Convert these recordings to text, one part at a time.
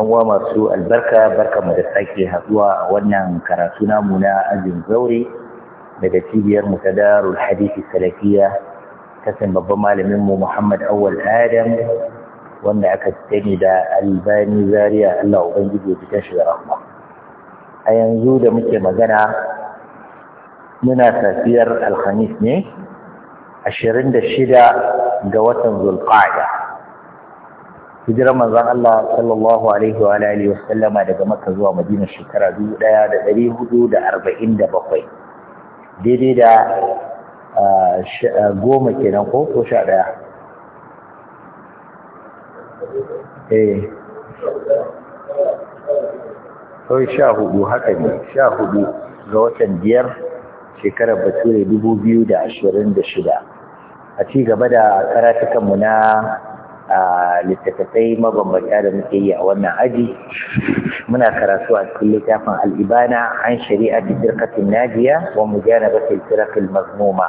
uwa masu albarka mu da sake haduwa a wannan karatu namu na ajin zaure daga cibiyar mu ta darul hadisi salafiya kasan babban malamin mu Muhammad Awwal Adam wanda aka sani da Albani Zaria Allah ubangiji ya tashi da rahma a yanzu da muke magana muna safiyar alhamis ne 26 ga watan Zulqa'da hijirar manzon Allah sallallahu alaihi wa alihi wa sallama daga Makka zuwa Madina shekara 1447 daidai da goma kenan ko ko daya eh sha hudu haka ne hudu, ga watan biyar shekarar bature 2026 a ci gaba da karatukanmu na littattafai mabambanta da muke yi a wannan aji muna karatu a cikin littafin al'ibana an shari'a da firkatin najiya wa mujanabatul firqil mazmuma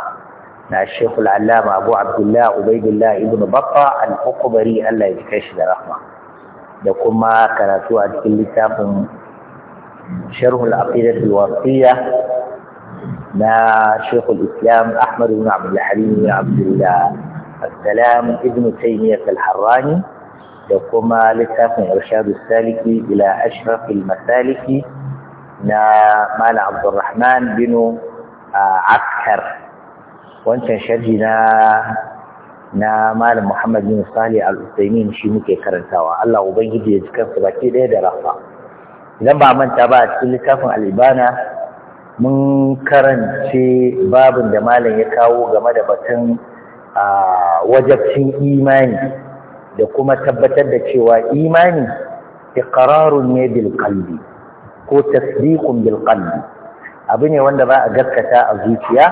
na shekul allama abu abdullah ubaidullah ibnu baffa al-ukubari Allah ya kai shi da rahma da kuma karatu a cikin littafin sharhul aqidatul wasiya na shekul islam ahmad ibn abdul halim ibn abdullah السلام ابن تيمية الحراني وكما لتاف إرشاد السالك إلى أشرف المسالك نا مال عبد الرحمن بن عسكر وانت شرجنا na malam Muhammad bin Salih al-Utsaimin shi muke karantawa Allah ubangiji ya jikan kansa baki ɗaya da rafa idan ba manta ba a cikin littafin al-Ibana mun karance babin da malam ya kawo game da batun wajabcin imani da kuma tabbatar da cewa imani iqrarun ne bil qalbi ko tasdiqun bil qalbi abu ne wanda ba a gaskata a zuciya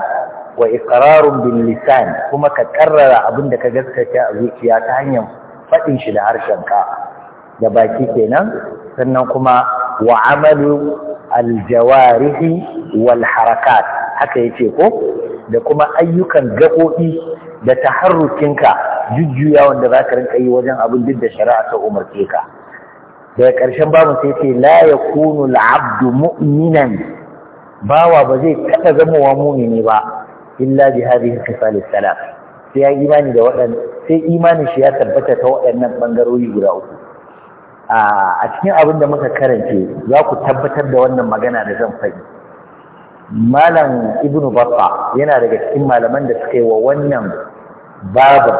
wa iqrarun bil lisan kuma ka karrara abin da ka gaskata a zuciya ta hanyar fadin shi da harshen ka da baki kenan sannan kuma wa amalu al jawarihi wal harakat haka yace ko da kuma ayyukan gaɓoɓi da taharrukinka jujjuya wanda za ka rinka yi wajen abin duk da shari'a ta umarce ka daga ƙarshen babu sai ce la ya kunu al'abdu mu'minan bawa ba zai taɓa zamowa mu'mini ba illa bi hadhihi khisalis salam sai imani da waɗan sai imanin shi ya tabbata ta waɗannan bangarori guda uku a cikin abin da muka karance za ku tabbatar da wannan magana da zan faɗi malam ibnu Baffa yana daga cikin malaman da suka yi wa wannan babu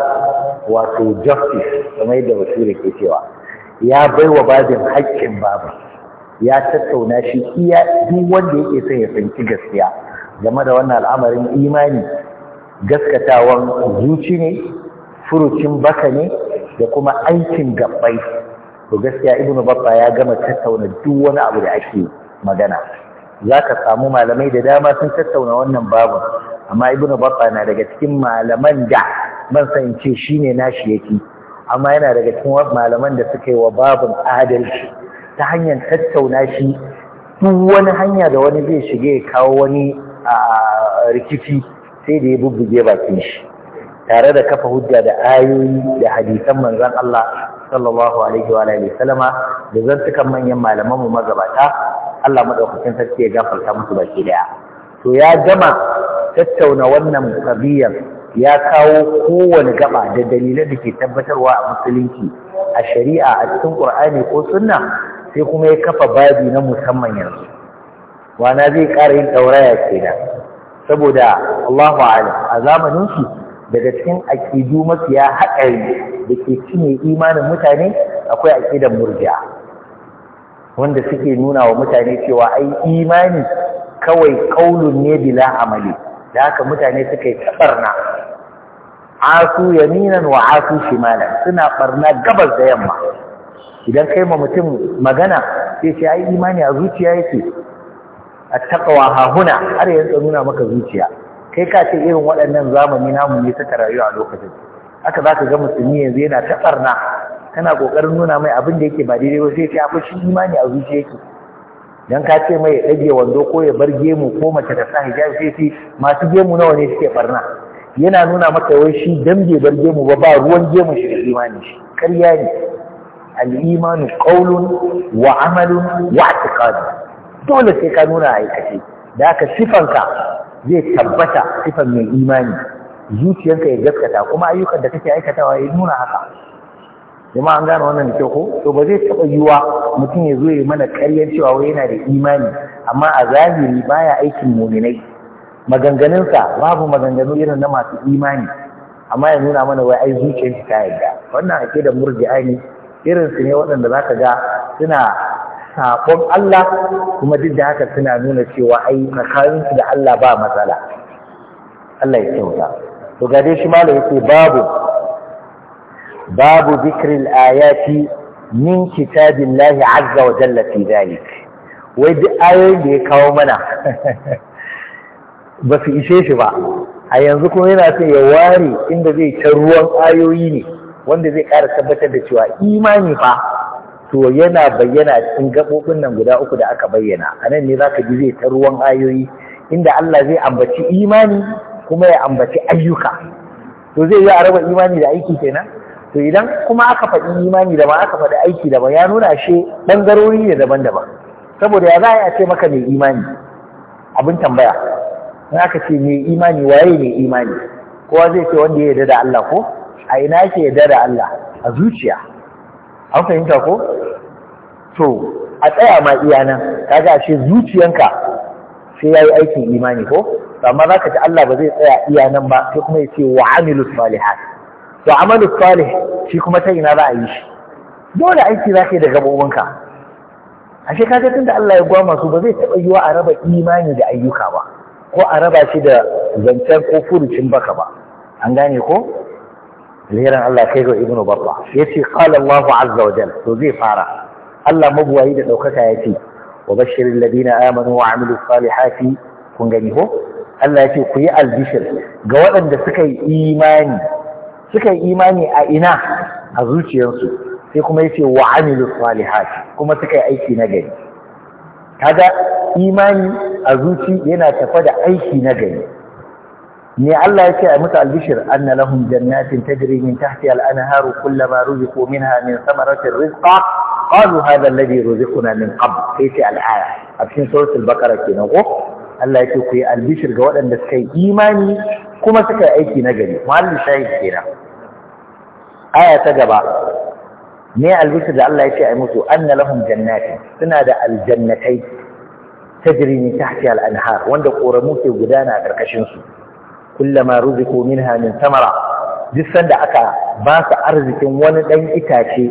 wato justice kamar yadda bature ke cewa ya baiwa babin haƙƙin babu ya tattauna shi iya duk wanda yake son ya fahimci gaskiya game da wannan al'amarin imani gaskatawan zuci ne furucin baka ne da kuma aikin gabbai to gaskiya ibnu babba ya gama tattauna duk wani abu da ake magana za ka samu malamai da dama sun tattauna wannan babu amma ibnu babba na daga cikin malaman da ban san ce shi ne nashi yake amma yana daga cikin malaman da suka yi wa babun adalci ta hanyar tattauna shi duk wani hanya da wani zai shige ya kawo wani a rikici sai da ya bubbuge bakin shi tare da kafa hujja da ayoyi da hadisan manzon Allah sallallahu alaihi wa alihi sallama da zantukan manyan malaman mu magabata Allah madaukakin sarki ya gafarta musu baki daya to ya gama tattauna wannan kabiyar ya kawo kowane gaba da dalilan da ke tabbatarwa a musulunci a shari'a a cikin ƙur'ani ko sunna sai kuma ya kafa babi na musamman yanzu wana zai ƙara yin ɗauraya kenan saboda Allahu ma'ala a zamaninsu su daga cikin aƙidu mafiya haɗari da ke cinye imanin mutane akwai aƙidan murja wanda suke nuna wa mutane cewa ai imani kawai kaulun ne bila amali da haka mutane suka yi tabarna asu yaminan wa asu shimala suna barna gabas da yamma idan kai ma mutum magana sai sai ai imani a zuciya yake attaqwa ha huna har yanzu nuna maka zuciya kai ka ce irin waɗannan zamani namu ne suka rayuwa a lokacin haka zaka ga musulmi yanzu yana ta kana kokarin nuna mai abin da yake ba daidai ba sai sai a fushi imani a zuciya yake dan ka ce mai ɗage wando ko ya bar gemu ko mace ta sa hijabi sai sai masu gemu nawa ne suke barna yana nuna maka wai shi dan bai bar gemu ba ba ruwan gemu shi da imani shi ƙarya ne al-imanu qawlun wa amalun wa i'tiqad dole sai ka nuna aikace da haka sifanka zai tabbata sifan mai imani zuciyarka ya gaskata kuma ayyukan da kake aikatawa ya nuna haka jama'a an gane wannan da kyau ko to ba zai taɓa yiwa mutum ya zo ya mana ƙaryar cewa wai yana da imani amma a zahiri baya aikin muminai maganganunsa babu maganganu irin na masu imani amma ya nuna mana wai ai zuciyar ta yadda. wannan ake da murji'a ne irin su ne waɗanda za ka ga suna saƙon Allah kuma duk da haka suna nuna cewa ai tsakaninsu da Allah ba matsala Allah ya kyauta to ga dai shi malam yake babu babu zikirin ayati min kitabillahi azza wa jalla fi zalik wai duk ayoyin da ya kawo mana ba su ishe shi ba a yanzu kuma yana so ya ware inda zai ta ruwan ayoyi ne wanda zai ƙara tabbatar da cewa imani fa to yana bayyana cikin gaɓoɓin nan guda uku da aka bayyana a nan ne za ka ji zai ta ruwan ayoyi inda Allah zai ambaci imani kuma ya ambaci ayyuka to zai yi a raba imani da aiki kenan to idan kuma aka faɗi imani daban aka faɗi aiki daban ya nuna shi ɓangarori ne daban-daban saboda ya za a ce maka mai imani abin tambaya in aka ce mai imani waye mai imani kowa zai ce wanda ya yarda da Allah ko a ina yake yarda da Allah a zuciya an fahimta ko to a tsaya ma iya nan kaga shi zuciyanka sai yayi aikin imani ko amma zaka ji Allah ba zai tsaya iya nan ba sai kuma ya ce wa amilus salihat to amalu salih shi kuma ta ina za a yi shi dole aiki za ka yi da gaɓoɓinka ashe kaga tun da Allah ya gwa masu ba zai taɓa yiwa a raba imani da ayyuka ba ko a raba shi da zancen ko furucin baka ba an gane ko alheran Allah kai ga ibnu barra yace qala Allah azza wa jalla to zai fara Allah mabuwayi da daukaka yace wa bashirin ladina amanu wa amilu salihati kun gani ko Allah ce ku yi albishir ga waɗanda suka yi imani suka yi imani a ina a zuciyarsu sai kuma yace wa amilu salihat kuma suka yi aiki na gari kaga imani a zuci yana tafa da aiki na gari ne Allah yake a musu albishir anna lahum jannatin tajri min tahti al-anharu kullama ruziqu minha min thamaratir rizqa qalu hadha alladhi ruziquna min qabl sai al-aya a cikin suratul baqara kenan ko Allah yake ku yi albishir ga waɗanda suka yi imani kuma suka yi aiki na gari muhalli shahid kenan aya ta gaba ne albishir da Allah ya ce a musu anna lahum jannatin suna da aljannatai tajri min tahtiha al-anhar wanda koramu ke gudana a karkashin su kullama ruziqu minha min samara duk sanda aka ba su arzikin wani dan itace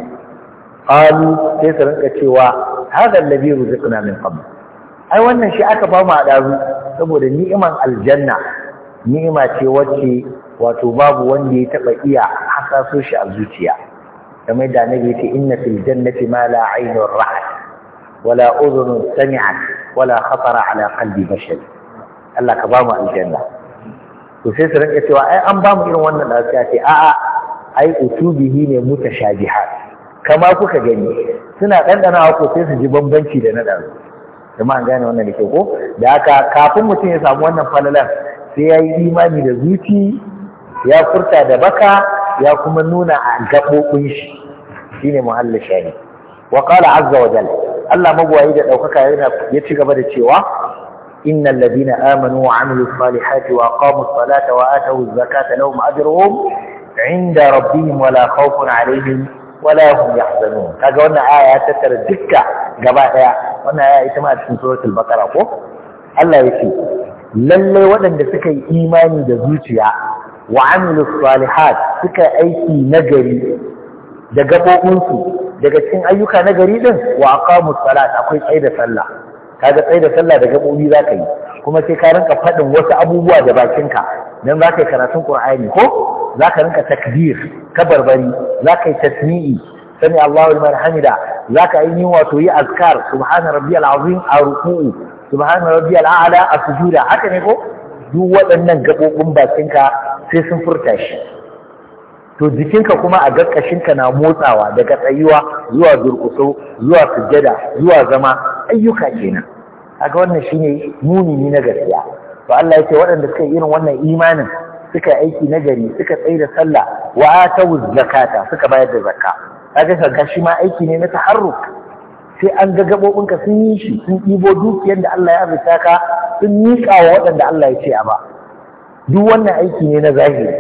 qalu sai su rinka cewa hadha alladhi ruziqna min qabl ai wannan shi aka ba mu a dazu saboda ni'iman aljanna ni'ima ce wacce wato babu wanda ya taba iya hasaso shi a zuciya kamar da annabi yace inna fil jannati ma la aynun ra'at wala udhun sami'at wala khatara ala qalbi bashar Allah ka bamu aljanna to sai su rinka cewa ai an bamu irin wannan su yace? a'a ai utubihi ne mutashabihat kama kuka gani suna dandanawa ko sai su ji bambanci da na dazu kuma an gane wannan da ke ko da haka kafin mutum ya samu wannan falalar sai ya yi imani da zuci ya furta da baka ya kuma nuna a gaɓoɓin shi shine muhallin shahid wa qala azza wa jalla Allah magwayi da ɗaukaka yana ya ci gaba da cewa innal ladina amanu wa amilus salihati wa aqamus salata wa atawuz zakata lahum ajruhum inda rabbihim wala khawfun alaihim wala hum yahzanun kaga wannan aya ya tattara dukka gaba daya wannan aya ita ma a cikin suratul baqara ko Allah yake lalle waɗanda suka yi imani da zuciya wa amilu salihat suka aiki nagari da gabobinsu daga cikin ayyuka nagari din wa aqamu salat akwai tsayi da sallah kaga tsayi da sallah da gabobi zaka yi kuma sai ka rinka faɗin wasu abubuwa da bakinka dan zaka yi karatun qur'ani ko zaka rinka takbir kabarbari zaka yi tasmi'i sami Allahu liman hamida zaka yi wato yi azkar subhana rabbiyal azim a ruku'u subhana rabbiyal a'la a sujuda haka ne ko duk waɗannan gaɓoɓin bakinka sai sun furta shi to jikinka kuma a ga na motsawa daga tsayuwa zuwa durƙuso zuwa sujjada zuwa zama ayyuka kenan aga wannan shine ne na gaskiya to Allah ce waɗanda suka yi irin wannan imanin suka aiki nagari suka tsaye da sallah wa atawu zakata suka bayar da zakka kaga zakka shi ma aiki ne na taharruk sai an ga gaɓoɓinka sun yi shi sun ɗibo dukiyar da Allah ya azurta ka sun miƙa wa waɗanda Allah ya ce a ba duk wannan aiki ne na zahiri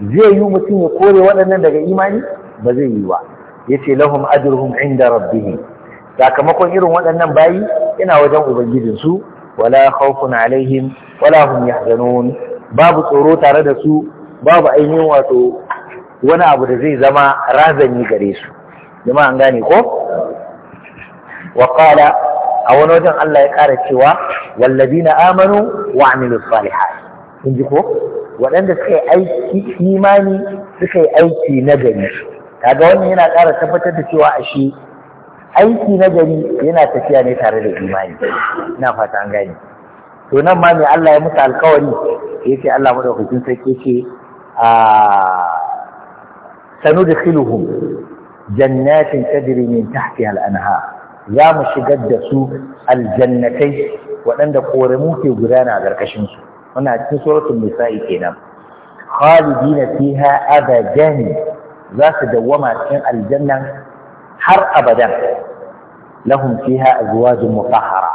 zai yi mutum ya kore waɗannan daga imani ba zai yi ba yace lahum ajruhum inda rabbihim sakamakon irin waɗannan bayi ina wajen ubangijinsu wala khawfun alaihim wala hum yahzanun babu tsoro tare da su babu ainihin wato wani abu da zai zama razani gare su jama'a an gane ko وقال أو نوجن الله يقال سوى والذين آمنوا وعملوا الصالحات تنجيكو waɗanda suka yi aiki imani suka yi aiki na gari kaga wannan yana ƙara tabbatar da cewa ashe aiki na gari yana tafiya ne tare da imani ina fata an to nan ma me Allah ya musu alkawari yace Allah madaukakin sarki yace a sanudkhiluhum jannatin tajri min tahtiha al za mu shigar da su aljannatai waɗanda ƙoramu ke gudana a ƙarƙashin su wannan cikin suratul nisa'i kenan khalidina fiha abadan za su dawwama cikin aljannan har abadan lahum fiha azwajun mutahhara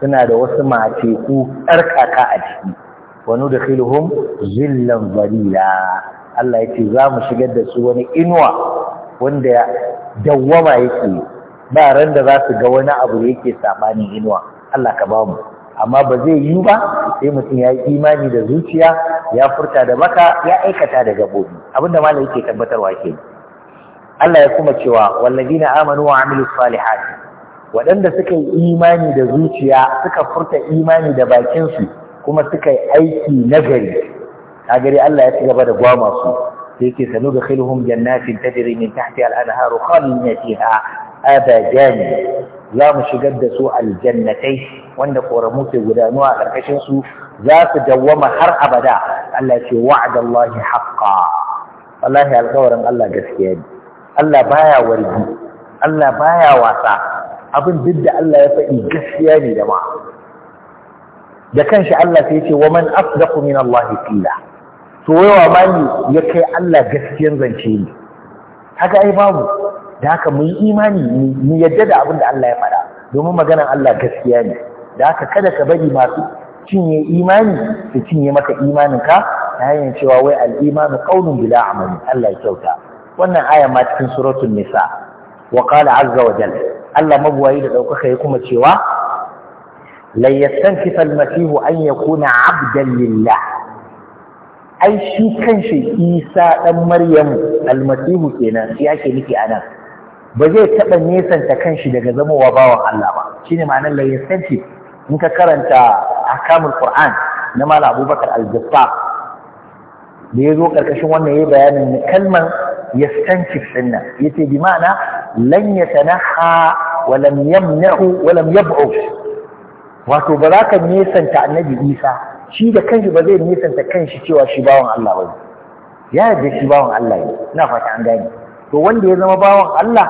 suna da wasu mateku tsarkaka a ciki wa nudkhiluhum zillan zalila Allah yace za mu shigar da su wani inuwa wanda dawwama yake ba ran da za su ga wani abu da yake sabanin inuwa Allah ka bamu amma ba zai yi ba sai mutum ya yi imani da zuciya ya furta da maka, ya aikata da gabobi abinda malam yake tabbatarwa ke Allah ya kuma cewa wallazina amanu wa amilus salihati waɗanda suka yi imani da zuciya suka furta imani da bakinsu kuma suka yi aiki nagari gari Allah ya ci gaba da gwama su sai yake sanu da khilhum jannatin tajri min tahtiha al-anharu khalidin fiha abadan za mu shigar da su aljannatai wanda ƙoramu ke gudanuwa a ƙarƙashin su za su dawwama har abada Allah ce wa'adallahi haqqa wallahi alƙawarin Allah gaskiya ne Allah baya wargi Allah baya wasa abin duk da Allah ya faɗi gaskiya ne da ma da kanshi Allah sai ce wa man asdaqu min Allah qila to yawa ya kai Allah gaskiyan zance ne haka ai babu da haka mu imani mu yadda da abin da Allah ya faɗa domin maganar Allah gaskiya ne da haka kada ka bari masu cinye imani su cinye maka imaninka ta hanyar cewa wai al'imanu qaulun bila amali Allah ya kyauta wannan aya ma cikin suratul nisa wa qala azza wa jalla Allah mabuwayi da daukaka ya kuma cewa lan yastankifa al-masihu an yakuna 'abdan lillah ai shi kanshi Isa dan Maryam al-masihu kenan shi ake nufi anan ba zai taɓa nesanta kanshi daga zamowa bawan Allah ba shine ma'anar la in ka karanta ahkamul ƙur'an na mala abubakar al da ya zo karkashin wannan yayi bayanin kalmar yastanti sunna yace bi ma'ana lan yatanaha wa lam yamna'u wa yab'u wato ba za ka nesanta annabi isa shi da kanshi ba zai nesanta kanshi cewa shi bawan Allah ba ya yarda shi bawan Allah ne ina fata an gane to wanda ya zama bawan Allah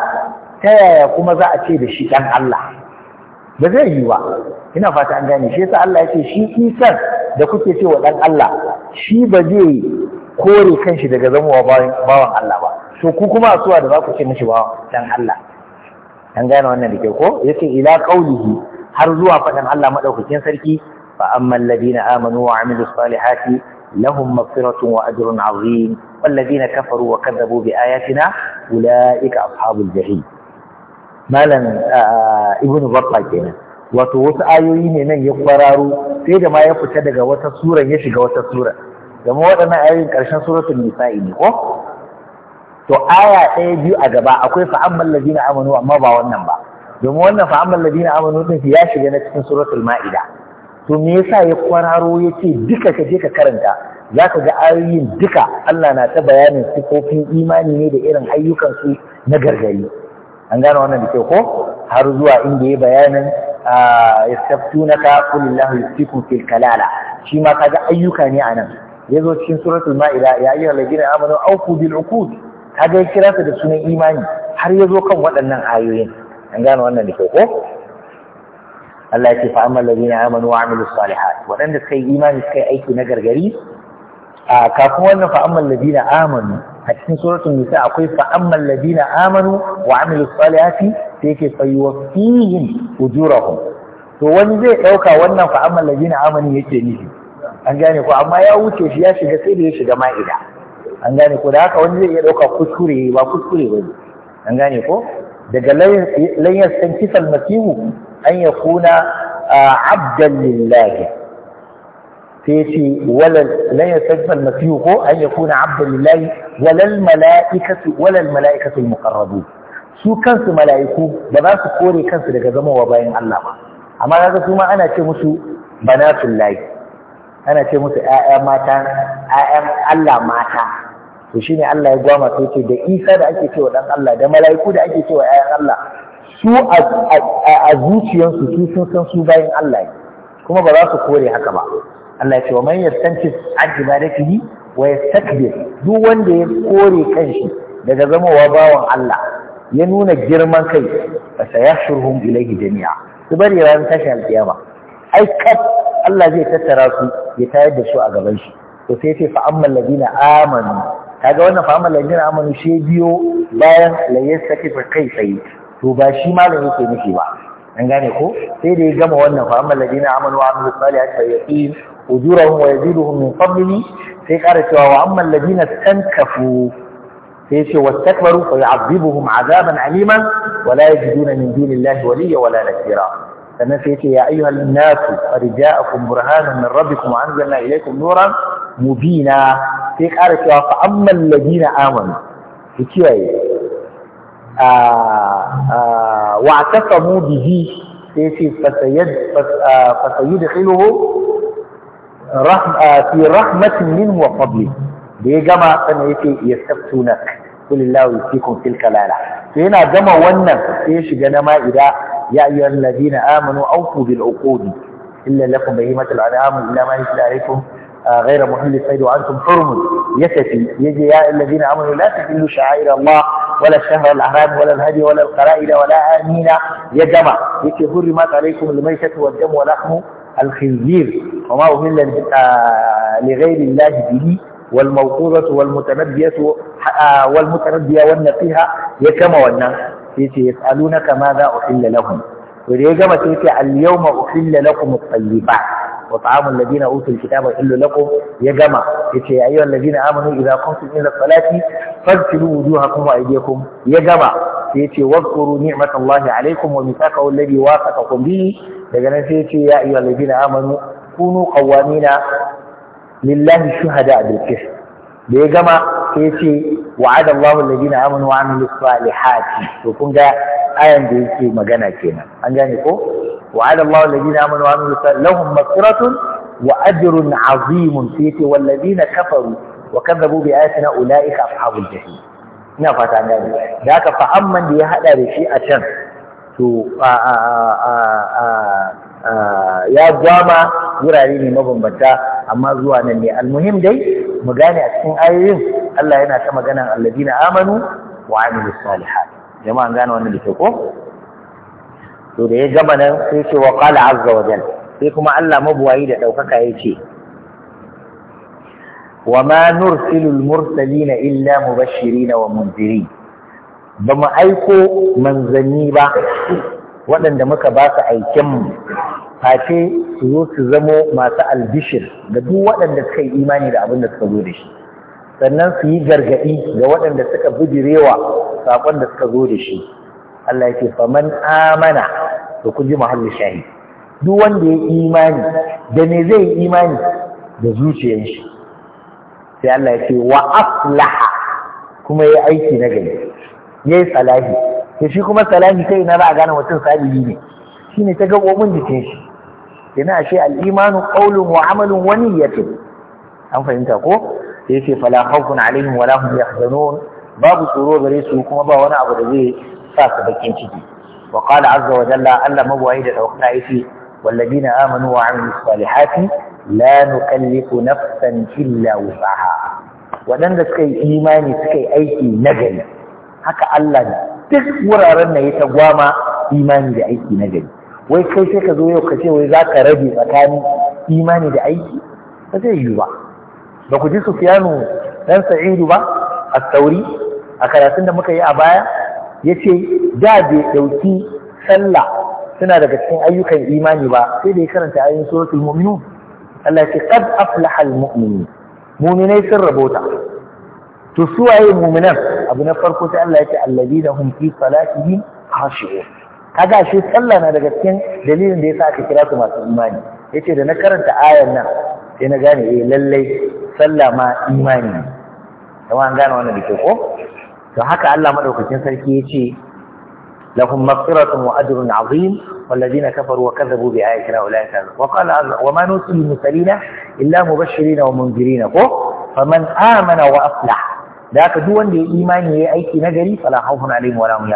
ta yaya kuma za a ce da shi ɗan Allah ba zai yi ba ina fata an gane shi yasa Allah ya ce shi isan da kuke cewa ɗan Allah shi ba zai kore kanshi daga zamowa bawan Allah ba to ku kuma suwa da za ku ce mashi bawan ɗan Allah an gane wannan da ke ko ya ce ila qaulihi har zuwa faɗin Allah maɗaukakin sarki fa amman ladina amanu wa amilu salihati لهم مغفرة وأجر عظيم والذين كفروا وكذبوا بآياتنا أولئك أصحاب الجحيم مالا ابن بطة كنا wato wasu ayoyi ne nan ya kwararo sai da ma ya fita daga wata sura ya shiga wata sura gama waɗannan ayoyin ƙarshen suratul nisa'i ne ko to aya ɗaya biyu a gaba akwai fa'amman ladina amanu amma ba wannan ba wannan amanu ya shiga na cikin suratul ma'ida to me yasa ya kwararo ya ce duka ka je ka karanta za ka ga ayoyin duka Allah na ta bayanin sifofin imani ne da irin ayyukansu na gargari an gane wannan da ke ko har zuwa inda ya bayanin ya saftu na ka fil kalala shi ma kaga ayyuka ne anan ya zo cikin suratul ma'ida ya ayyuhal ladina amanu awfu bil uqud kaga ya kira da sunan imani har ya zo kan waɗannan ayoyin an gane wannan da ke ko Allah ya ce fa amma ladina amanu wa amilu salihat waɗanda suka yi imani suka yi aiki na gargari a kafin wannan fa amma ladina amanu a cikin suratul nisa akwai fa amma ladina amanu wa amilu salihati sai yake fa yuwaffihim ujurahum to wani zai ɗauka wannan fa amma ladina amanu yake nufi an gane ko amma ya wuce shi ya shiga sai da ya shiga ma'ida an gane ko da haka wani zai iya ɗauka kuskure ba kuskure ba ne an gane ko daga lan yastankifa almasihu an ya kuna abdan lillahi sai ce walal la yasajjal masihu ko an ya kuna abdan lillahi walal mala'ikatu walal su kansu mala'iku ba za su kore kansu daga wa bayan Allah ba amma kaga su ma ana ce musu layi, ana ce musu ƴaƴa mata ƴaƴan Allah mata to shine Allah ya gwama sai da Isa da ake cewa dan Allah da mala'iku da ake cewa yayan Allah su a zuciyarsu su sun san su bayan Allah ne kuma ba za su kore haka ba Allah ya ce wa man yastanti an ibadatihi wa yastakbir duk wanda ya kore kanshi daga zamowa bawan Allah ya nuna girman kai fa sayahshuruhum ilayhi jami'a su bari ran tashi alkiyama ai kaf Allah zai tattara su ya tayar da su a gaban shi to sai ce fa amman ladina amanu kaga wannan fa amman ladina amanu shi biyo bayan la kai sai to ba shi malami ke miki ba an gane ko sai da ya gama wannan fa amma ladina amanu wa amilu salihati fa yaqin ujurahum wa yaziduhum min fadlihi sai kare cewa wa amma ladina tankafu sai ce wastakbaru fa yu'adhibuhum azaban aliman wa la yajiduna min dunillahi waliyya wa la nasira sannan sai ce ya ayyuhal nas arja'akum burhanan min rabbikum anzalna ilaykum nuran mubina sai kare cewa fa amma ladina amanu ku kiyaye wa tasamu bihi sai ce fasayudkhiluhu fi rahmatin min wa fadli da ya gama sannan yake yastaftunak kulillahu yusikum fil kalala sai yana gama wannan sai shiga na ma'ida ya ayyuhal ladina amanu awfu bil uqud illa lakum bahimatul آه، غير محل الصيد وأنتم حرم يتفي يجي يا الذين آمنوا لا تحلوا شعائر الله ولا الشهر الأحرام ولا الهدي ولا القرائد ولا آمين يا جمع يجي حرمت عليكم الميتة والدم ولحم الخنزير وما أهل آه، لغير الله به والموقوظة والمتنبية آه، والمتنبية يا يكما والناس يجي يسألونك ماذا أحل لهم وليه جمع اليوم أحل لكم الطيبات وطعام الذين اوتوا الكتاب حل لكم يا جماعه يتي يا ايها الذين امنوا اذا قمتم الى الصلاه فاغسلوا وجوهكم وايديكم يا جماعه يتي واذكروا نعمه الله عليكم وميثاقه الذي واثقكم به daga nan يا أيها الذين آمنوا كونوا قوامين لله qawamina lillahi da ya gama sai ce wa'ada Allahu alladhina amanu wa amilu salihati to kun ga ayan da yake magana kenan an gane ko wa'ada Allahu alladhina amanu wa amilu salihati lahum maghfiratun wa ajrun azimun sai ya ce walladhina kafaru wa kadzabu bi ayatina ulaika ashabul jahim ina fata an gane da haka fa amman da ya hada da shi a can to a a a Ah, ya gwama wurare ne mabambanta amma zuwa nan ne almuhim dai mu gane a cikin ayoyin Allah yana ta maganan alladina amanu wa amilus salihat jama'a an gane wannan dake ko to da ya gama nan sai ce wa qala azza wa jalla sai kuma Allah mabuwayi da daukaka yace wa ma nursilul mursalina illa mubashirin wa mundirin ba mu aiko manzanni ba waɗanda muka ba su aikinmu Fashe su zo su zamo masu albishir ga duk waɗanda suka yi imani da abin da suka zo da shi sannan su yi gargaɗi ga waɗanda suka bijirewa saƙon da suka zo da shi Allah ya ce faman amana da ku ji shahi duk wanda ya imani da me zai yi imani da zuciyar shi sai Allah ya ce wa Aflaha. kuma ya aiki na gari ya yi salahi to shi kuma salahi kai na za a gane mutum sabili ne shine ta gaɓoɓin jikin shi Ina ashe al-imanu qawlun wa amalun wa niyyatun an fahimta ko sai yace fala khawfun alaihim wala hum yahzanun babu tsoro gare su kuma ba wani abu da zai sa su bakin ciki wa qala azza wa jalla Allah mabwahi da daukaka yace والذين آمنوا وعملوا الصالحات لا نكلف نفسا إلا وسعها waɗanda suka yi imani suka yi aiki nagari haka Allah duk wuraren na ya ta gwama imani da aiki nagari wai kai sai ka zo yau ka ce wai za ka rage tsakanin imani da aiki ba zai yiwu ba ba ku ji sufiyanu ɗan sa'idu ba a sauri a karatun da muka yi a baya ya ce da bai ɗauki sallah suna daga cikin ayyukan imani ba sai da ya karanta ayin suratul mu'minun Allah ce qad aflaha al-mu'minun mu'minai sun rabota to su waye mu'minan abu na farko sai Allah ya ce alladina hum fi salatihim khashi'un kaga shi sallah na daga cikin dalilin da yasa aka kira su masu imani yace da na karanta ayan nan sai na gane eh lallai sallah ma imani ne kuma an gane wannan da ke ko to haka Allah madaukakin sarki yace lahum maghfiratun wa ajrun azim والذين كفروا وكذبوا بآياتنا أولئك وقال وما نرسل المرسلين إلا مبشرين ومنذرين فمن آمن وأصلح ذاك دون imani yayi aiki nagari fala khawfun alaihim wala hum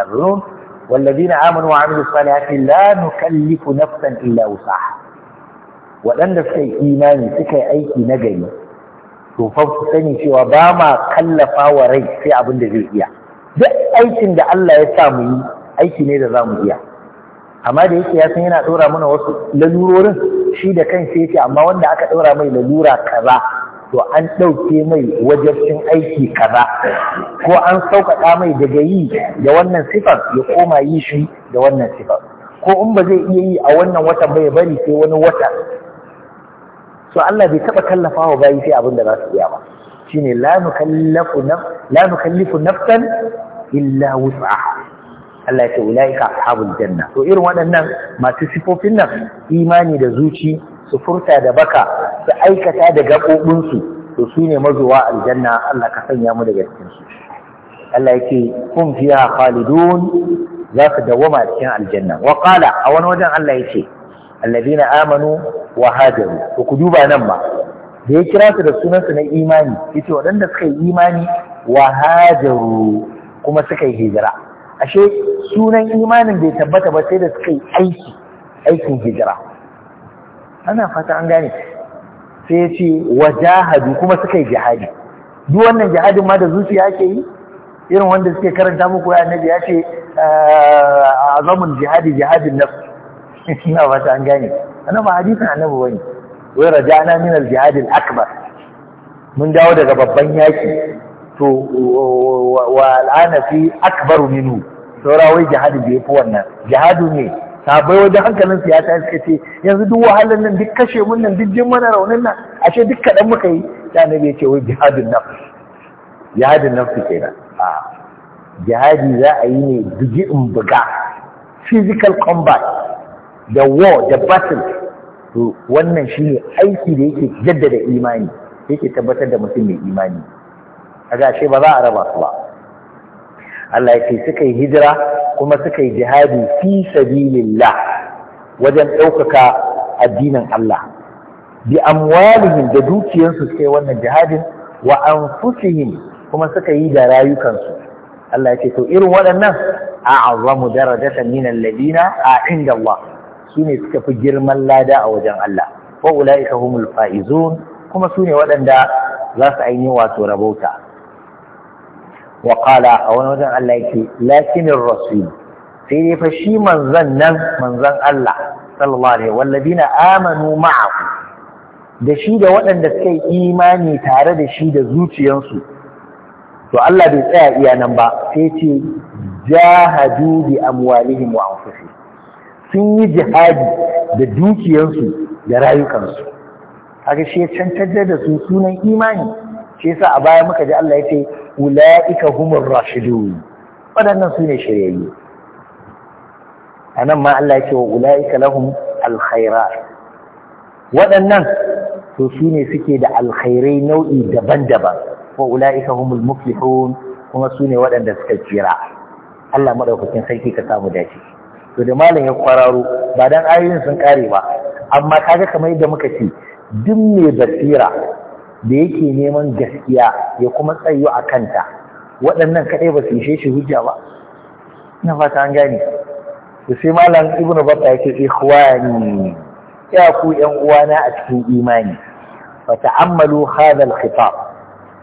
wallazina amanu wa amilus salihati la nukallifu nafsan illa wusaha waɗanda suka yi imani suka yi aiki na gari to fa su sani cewa ba ma kallafa wa rai sai abin da zai iya duk aikin da Allah ya sa mu yi aiki ne da za mu iya amma da yake ya san yana ɗora mana wasu lalurorin shi da kan sai ce amma wanda aka ɗora mai lalura kaza to an ɗauke mai wajabcin aiki kaza ko an sauƙaƙa mai daga yi da wannan sifar ya koma yi shi da wannan sifar ko in ba zai iya yi a wannan watan bai bari sai wani wata so Allah bai taɓa kallafa wa bayi sai abin da za su iya ba Shi ne nukallafu naf la nukallifu nafsan illa wus'aha Allah ya ce ulaika ashabul janna to irin waɗannan masu sifofin nan imani da zuci su furta da baka su aikata da gaɓoɓinsu to su ne mazuwa aljanna Allah ka sanya mu daga cikin su Allah yake kun fiya khalidun za su dawama a cikin aljanna wa qala a wani wajen Allah yake alladhina amanu wa hajaru to ku duba nan ba da ya kira su da sunansa na imani yace waɗanda suka yi imani wa hajaru kuma suka yi hijira ashe sunan imanin bai tabbata ba sai da suka yi aiki aikin hijira ana fata an gane sai ya ce wajahadu kuma suka yi jihadi duk wannan jihadin ma da zuciya ake yi irin wanda suke karanta muku ya annabi ya ce ah, zaman jihadi jihadin nafs ina ba ta an gane ana ba hadisin annabi wani. wai raja'na min al-jihad al-akbar mun dawo daga babban yaki to wa al'ana fi akbar minhu saura wai jihadi bai fi wannan jihadu ne sabai wajen hankalin siyasa ya suka ce yanzu duk wahalar nan duk kashe mun nan duk jin mana raunin nan ashe duk kaɗan muka yi da na bai ce wai jihadin nafs jihadin nafs kenan a jihadi za a yi ne duk in buga physical combat da war da battle to wannan ne aiki da yake jaddada imani yake tabbatar da mutum mai imani kaga ashe ba za a raba su ba Allah ya ce suka yi hijira kuma suka yi jihadi fi sabilillah wajen ɗaukaka addinin Allah bi amwalihim da dukiyarsu suka yi wannan jihadin wa anfusihim kuma suka yi da rayukansu Allah ya ce to irin waɗannan azamu darajatan min alladina a inda Allah sune suka fi girman lada a wajen Allah wa ulaika humul faizun kuma sune waɗanda za su aini wato rabauta wa qala a wani wajen Allah yake lakinir rasul sai dai fa shi manzon nan manzon Allah sallallahu alaihi walladina amanu da shi da waɗanda suka yi imani tare da shi da zuciyarsu, to Allah bai tsaya iya nan ba sai ce jahadu bi amwalihim wa sun yi jihadi da dukiyarsu da rayukansu Harshe shi ya da su sunan imani shi yasa a baya muka ji Allah ya ce ula'ika humur rashidun waɗannan su ne shiryayyu a nan ma Allah ya ce wa ula'ika lahum alkhaira waɗannan to su ne suke da alkhairai nau'i daban-daban wa ula'ika humul muflihun kuma su ne waɗanda suka kira Allah madaukakin sarki ka samu dace to da malam ya kwararo ba dan ayoyin sun kare ba amma kaga kamar yadda muka ce duk mai basira da yake neman gaskiya ya kuma tsayo a kanta waɗannan kaɗai ba su ishe shi hujja ba ina fata an gane da sai malam ibnu batta yake ikhwani ya ku yan uwana a cikin imani fa ta'ammalu hadha al-khitab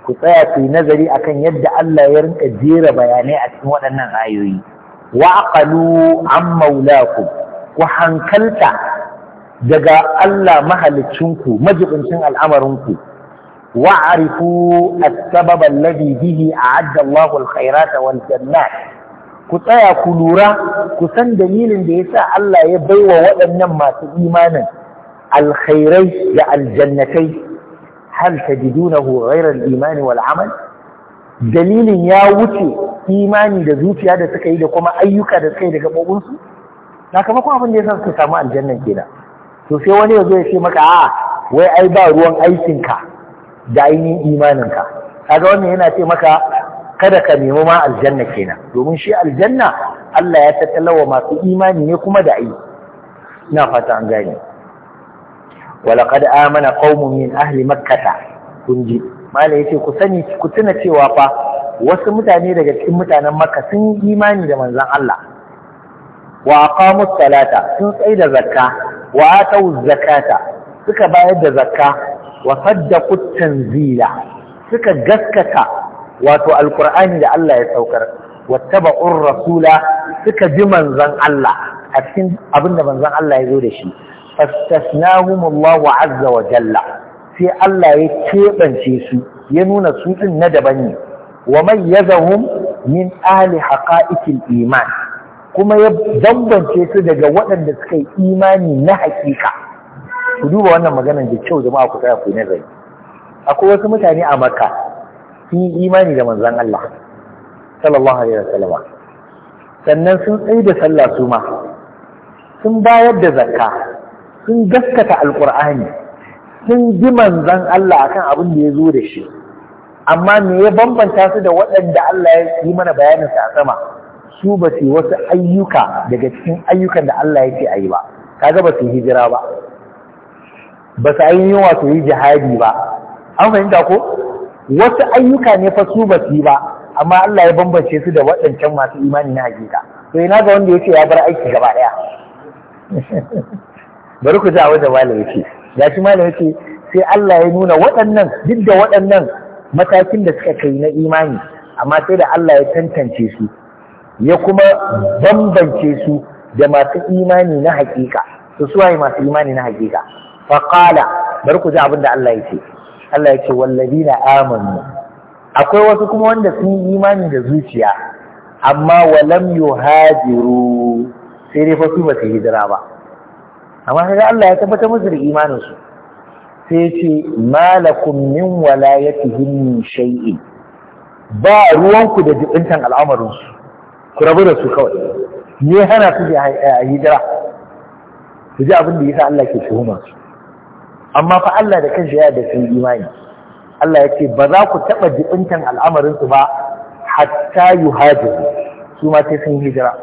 ku tsaya ku nazari akan yadda Allah ya rinka jera bayanai a cikin waɗannan ayoyi wa aqalu an maulakum ku hankalta daga Allah mahaliccinku majibincin al'amarinku wa'arifu as-sababa alladhi bihi a'adda Allahu al-khairata wal ku tsaya ku lura ku san dalilin da yasa Allah ya bai wa waɗannan masu imanin alkhairai da aljannatai hal tajidunahu ghayra al-iman wal dalilin ya wuce imani da zuciya da suka yi da kuma ayyuka da suka yi da gabobinsu sakamakon abin da yasa suka samu aljannan gida. Sosai wani ya zo ya ce maka a wai ai ba ruwan aikinka da ainihin imaninka kaga wannan yana ce maka kada ka nemi ma aljanna kenan domin shi aljanna Allah ya tattalawa masu imani ne kuma da aiki ina fata an gane walaqad amana qaumun min ahli makkata kunji mala yace ku sani ku tuna cewa fa wasu mutane daga cikin mutanen makka sun yi imani da manzon Allah wa aqamu salata sun tsai da zakka wa atau zakata suka bayar da zakka wa saddaqu tanzila suka gaskata wato alqur'ani da Allah ya saukar Wataba'un rasula suka bi manzon Allah a cikin abinda manzon Allah ya zo da shi fastasnahumullahu azza wa jalla sai Allah ya kebance su ya nuna su din na daban ne wa mayyazahum min ahli haqa'iqil iman kuma ya bambance su daga waɗanda suka yi imani na hakika ku duba wannan maganar da kyau jama'a ku tsaya ku nazari akwai wasu mutane a makka sun yi imani da manzon Allah sallallahu alaihi wasallam sannan sun tsayi da sallah su ma sun bayar da zakka sun gaskata alqur'ani sun ji manzon Allah akan abin da ya zo da shi amma me ya bambanta su da waɗanda Allah ya yi mana bayanin sa a sama su ba su wasu ayyuka daga cikin ayyukan da Allah ya ce a yi ba kaga ba su hijira ba ba su ainihin wato yi jihadi ba an fahimta ko wasu ayyuka ne fa su ba su yi ba amma Allah ya bambance su da waɗancan masu imani na hakika to ina ga wanda yace ya bar aiki gaba ɗaya bari ku a malam yace ga shi malam yace sai Allah ya nuna waɗannan duk da waɗannan matakin da suka kai na imani amma sai da Allah ya tantance su ya kuma bambance su da masu imani na hakika su masu imani na hakika Faƙala, bari ku ji abin da Allah ce Allah yake wallazina amanu akwai wasu kuma wanda sun yi imani da zuciya amma walam Hajiru, sai dai fa su ba su hijira ba amma kaga Allah ya tabbata musu da imanin sai ce malakum min walayatihim min shai'i. ba ruwanku da jibintan al'amarin su ku rabu da su kawai ne hana su a hijira su ji abin da yasa Allah ke tuhuma su amma fa Allah da kanshi ya da sun imani Allah ya ce ba za ku taɓa jibintan al'amarinsu ba hatta yu hajiru su ma sai sun hijira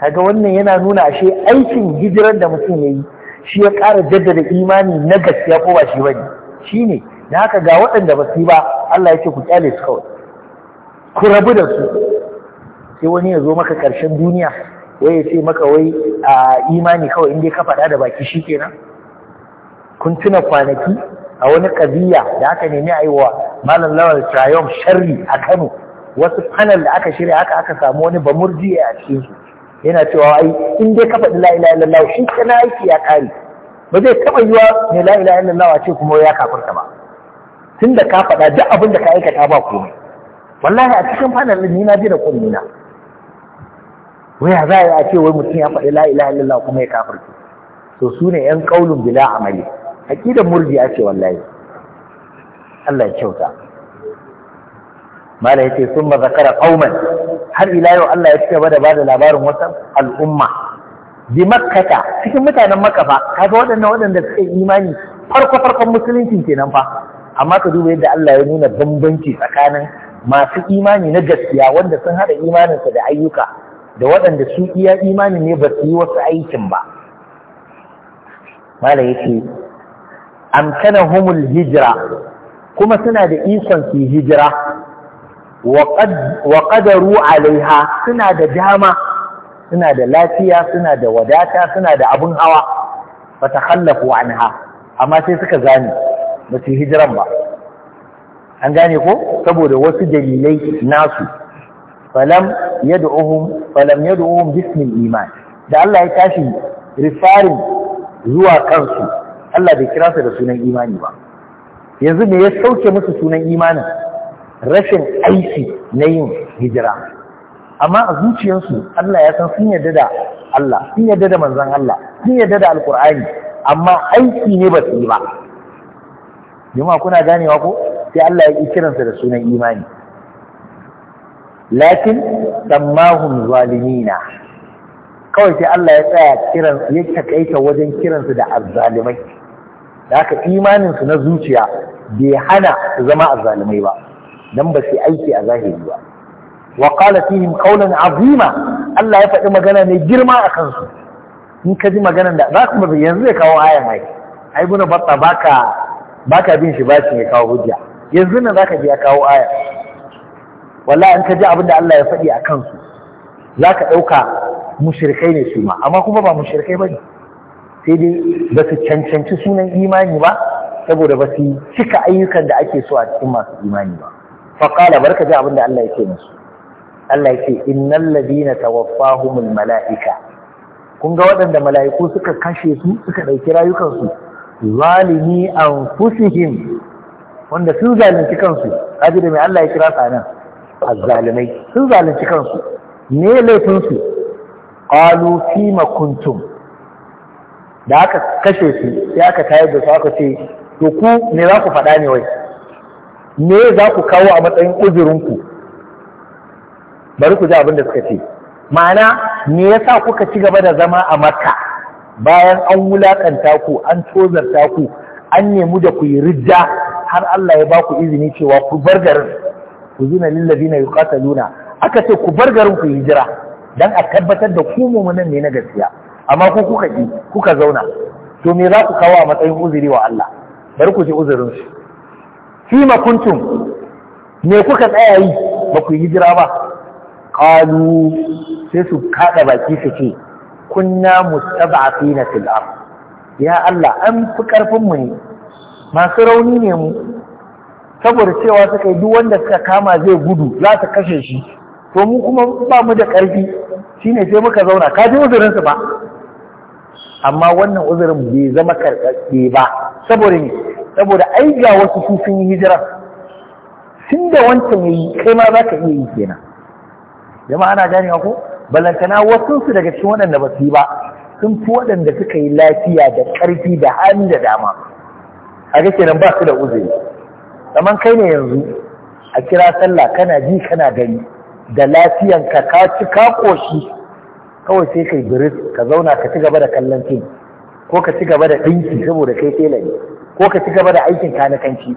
kaga wannan yana nuna ashe aikin hijirar da mutum ya yi shi ya ƙara jaddada imani na gaskiya ko ba shi ba ne shi ne da haka ga waɗanda ba su yi ba Allah ya ce ku kyale su kawai ku rabu da su sai wani ya zo maka ƙarshen duniya wai ya ce maka wai a imani kawai inda ka faɗa da baki shi kenan kun tuna kwanaki a wani ƙabiya da aka nemi a yi wa malam lawal trayom sharri a kano wasu panel da aka shirya aka aka samu wani bamurji a cikin su yana cewa ai in dai ka faɗi la'ila lawa shi kana aiki ya kare ba zai taɓa yiwa ne la'ila ila a ce kuma ya kafirta ba tun da ka faɗa duk abin da ka aikata ba komai wallahi a cikin panel ni na ji da na. waya za a yi ce wai mutum ya faɗi la ilaha kuma ya kafirce to su ne yan ƙaunin bila amali murji a ce wallahi Allah ya kyauta mala ce sun ma zakara qauman har ila yau Allah ya cigaba da bada labarin wata al'umma bi makkata cikin mutanen makafa fa kaga waɗannan waɗanda suka yi imani farko farkon musulunci kenan fa amma ka duba yadda Allah ya nuna bambanci tsakanin masu imani na gaskiya wanda sun haɗa imaninsa da ayyuka da waɗanda su iya imani ne ba su yi wasu aikin ba mala yake humul hijira kuma suna da ikon su hijira wa qadaru alaiha suna da dama suna da lafiya suna da wadata suna da abin hawa Ba ta fatakhallafu anha amma sai suka gane ba su yi hijiran ba an gane ko saboda wasu dalilai nasu falam yad'uhum falam yad'uhum bismil iman da Allah ya tashi rifarin zuwa kansu Allah bai kira su da sunan imani ba yanzu me ya sauke musu sunan imanin rashin aiki na yin hijira amma a zuciyarsu Allah ya san sun yarda da Allah sun yarda da manzon Allah sun yarda da alkur'ani amma aiki ne ba su yi ba jama'a kuna ganewa ko sai Allah ya kiransa da sunan imani lakin sammahum zalimina kawai sai Allah ya tsaya kiran ya takaita wajen kiransu da azzalimai da haka imaninsu na zuciya bai hana su zama azzalimai ba Don ba su aiki a zahiri ba wa qala fihim qawlan azima Allah ya faɗi magana mai girma a kansu in ka ji maganar da za ku yanzu ya kawo ayan ai ai buna batta baka baka bin shi shi ya kawo hujja yanzu nan zaka ji ya kawo aya wallahi in ka ji abin da Allah ya faɗi a kansu za ka ɗauka mushrikai ne su ma amma kuma ba mushrikai ba ne sai dai ba su cancanci sunan imani ba saboda ba su cika ayyukan da ake so a cikin masu imani ba faƙala bar ka ji abin da Allah ya ce musu Allah ya ce innal ladina tawaffahumul mala'ika kun ga waɗanda mala'iku suka kashe su suka ɗauki rayukansu zalimi anfusihim wanda sun zalunci kansu kaji da mai Allah ya kira sa nan azzalimai sun zalunci kansu ne laifinsu qalu fima kuntum da aka kashe su sai aka tayar da su aka ce to ku me za ku faɗa ne wai me za ku kawo a matsayin uzurinku bari ku ji abin da suka ce ma'ana me yasa kuka ci gaba da zama a makka bayan an wulaƙanta ku an tozarta ku an nemi da ku yi rijja har Allah ya ba ku izini cewa ku bar garin uzina lil ladina yuqataluna aka ce ku bar garin ku hijira dan a tabbatar da ku mu'minin ne na gaskiya amma ku kuka ki kuka zauna to me za ku kawo a matsayin uzuri wa Allah bari ku ji uzurin su fima kuntum me kuka tsaya yi ba ku hijira ba qalu sai su kada baki su ce kunna mustab'afina fil ard ya Allah an fi karfin mu ne masu rauni ne mu saboda cewa suka yi duk wanda suka kama zai gudu za su kashe shi to mu kuma ba mu da ƙarfi shine sai muka zauna ka ji ba amma wannan uzurin bai zama karkace ba saboda ne saboda ai wasu su sun yi hijira sun da wancan yayi kai ma za ka iya yi kenan jama'a ana ganewa ko balantana wasu su daga cikin waɗanda ba su yi ba sun fi waɗanda suka yi lafiya da ƙarfi da hali da dama a ga kenan ba su da uzuri Zaman kai ne yanzu a kira sallah kana ji kana gani da lafiyanka ka ci ka koshi kawai sai kai biris ka zauna ka ci gaba da kallon fim ko ka ci gaba da ɗinki saboda kai tela ne ko ka ci gaba da aikin kanakanci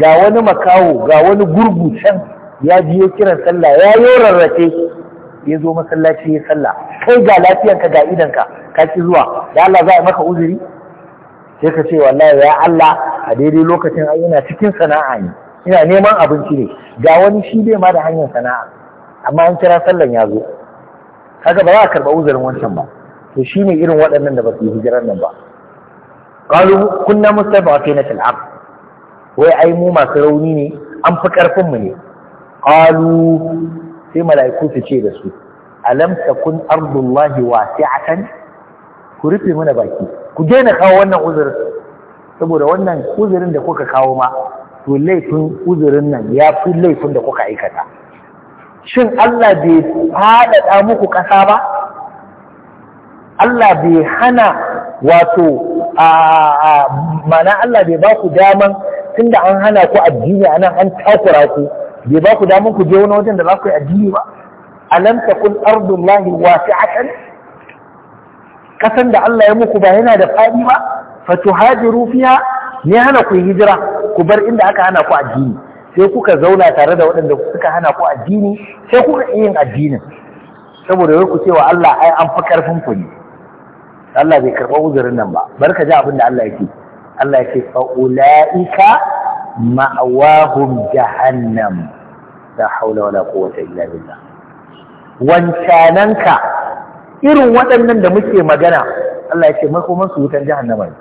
ga wani makawo ga wani gurgu can ya ya kiran sallah ya yi rarrafe ya zo masallaci ya sallah kai ga lafiyanka ga idanka ka ci zuwa da Allah za a maka uzuri sai ka ce wallahi ya Allah a daidai lokacin ai ina cikin sana'a ne ina neman abinci ne ga wani shi bai ma da hanyar sana'a amma an kira sallan ya zo haka ba za a karɓa uzurin wancan ba to shine irin waɗannan da ba su yi hijirar nan ba qalu kunna mustad'afina fil ard wai ai mu masu rauni ne an fi karfin mu ne qalu sai mala'iku su ce da su alam takun ardullahi wasi'atan ku rufe mana baki ku daina kawo wannan uzurin saboda wannan uzurin da kuka kawo ma to laifin uzurin nan ya fi laifin da kuka aikata shin Allah bai faɗaɗa muku ƙasa ba Allah bai hana wato a mana Allah bai ba ku daman tunda an hana ku addini a nan an takura ku bai ba ku daman ku je wani wajen da za ku yi addini ba alam takun ardullahi wasi'atan kasan da Allah ya muku ba yana da faɗi ba fatu hajiru fiha ne hana ku hijira ku bar inda aka hana ku addini sai kuka zauna tare da waɗanda suka hana ku addini sai kuka yin addinin saboda wai ku ce wa Allah ai an fi karfin ku ne Allah bai karɓa uzurin nan ba barka ji abin da Allah yake Allah yake fa ulaika ma'awahum jahannam la haula wala quwwata illa billah wancananka irin waɗannan da muke magana Allah ya ce makoman su wutan jahannama ne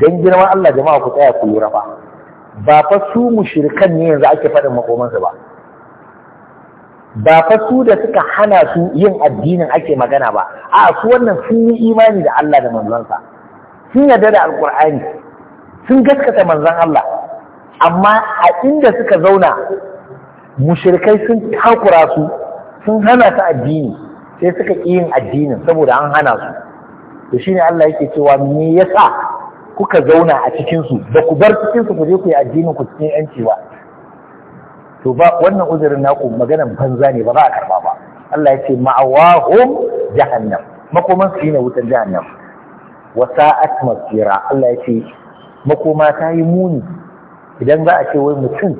dan girman Allah jama'a ku tsaya ku lura fa ba fa su mushrikan ne yanzu ake faɗin makoman su ba ba fa su da suka hana su yin addinin ake magana ba a su wannan sun yi imani da Allah da manzonsa sun yarda da alkur'ani sun gaskata manzan Allah amma a inda suka zauna mushrikai sun takura su sun hana su addini sai suka ƙi yin addinin saboda an hana su to shine Allah yake cewa me yasa kuka zauna a cikinsu? ba ku bar cikinsu ku je ku yi addinin ku cikin yanci ba to ba wannan uzurin naku maganan banza ne ba za a karba ba Allah yake ma'awahum jahannam makoman su ne wutan jahannam wa sa'at masira Allah yake makoma ta yi muni idan za a ce wai mutum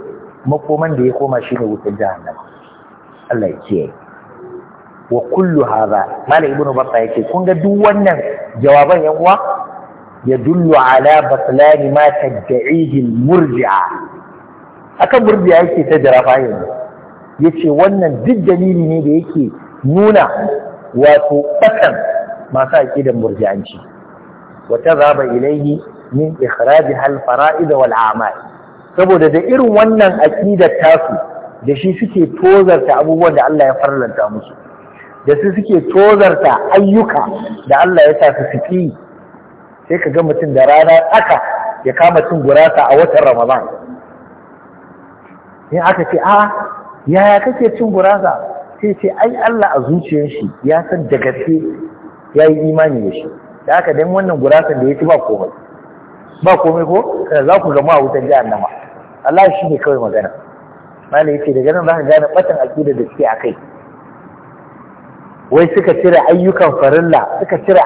makoman da ya koma shi ne wutan jahannam Allah ya yi. wa kullu hadha mala ibnu batta yake kun ga duk wannan jawaban yan uwa yadullu ala batlani ma tad'ihi murji'a akan murji'a yake ta jarafa yanzu yace wannan duk dalili ne da yake nuna wato fatan masu aqidan murji'anci wa tazaba ilayhi min ikhraji hal fara'id wal a'mal saboda da irin wannan aqidar tasu da shi suke tozarta abubuwan da Allah ya farlanta musu da su suke tozarta ayyuka da Allah ya sa su suke sai ka ga mutum da rana tsaka ya kama cin gurasa a watan Ramadan in aka ce a yaya kake cin gurasa sai ce ai Allah a zuciyar shi ya san da gaske ya yi imani da shi da aka dan wannan gurasan da ya ci ba komai ba komai ko za ku gama a wutar nama. Allah shi ne kawai magana malai yace daga nan za ka gane batan akidar da suke akai wai suka cire ayyukan farilla suka cire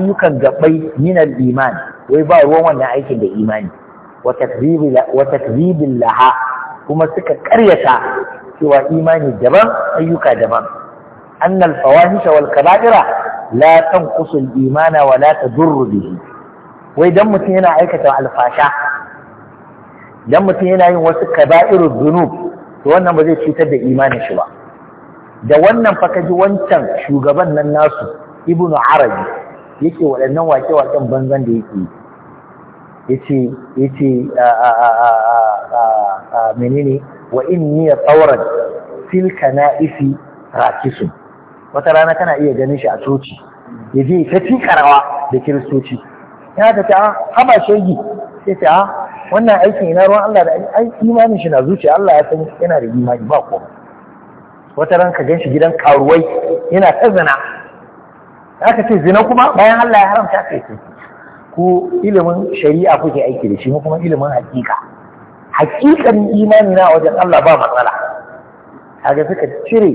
ayyukan gabbai minal iman wai ba ruwan wannan aikin da imani wa takzibil laha kuma suka karyata cewa imani daban ayyuka daban annal fawahisha wal kaba'ira la tanqusu al imana wa la tadurru bihi wai dan mutum yana aikata alfasha dan mutum yana yin wasu kaba'iru dhunub to wannan ba zai cutar da imanin shi ba da wannan fakaji wancan shugaban nan nasu ibnu arabi yake waɗannan wake-waken banzan da yake yace yace menene wa inni silka fil kana'isi rakisu wata rana kana iya ganin shi a coci ya je ta ci karawa da kiristoci ya ta ta ah, haba shegi sai ta ah, wannan aikin ina ruwan Allah da ai imanin shi na zuciya Allah ya san yana da imani ba komai wata ran ka ganshi gidan karuwai yana ta zina aka ce zina kuma bayan Allah ya haramta ka yi Ko ilimin shari'a kuke aiki da shi mu kuma ilimin hakika hakikan imani na wajen Allah ba matsala kaga suka cire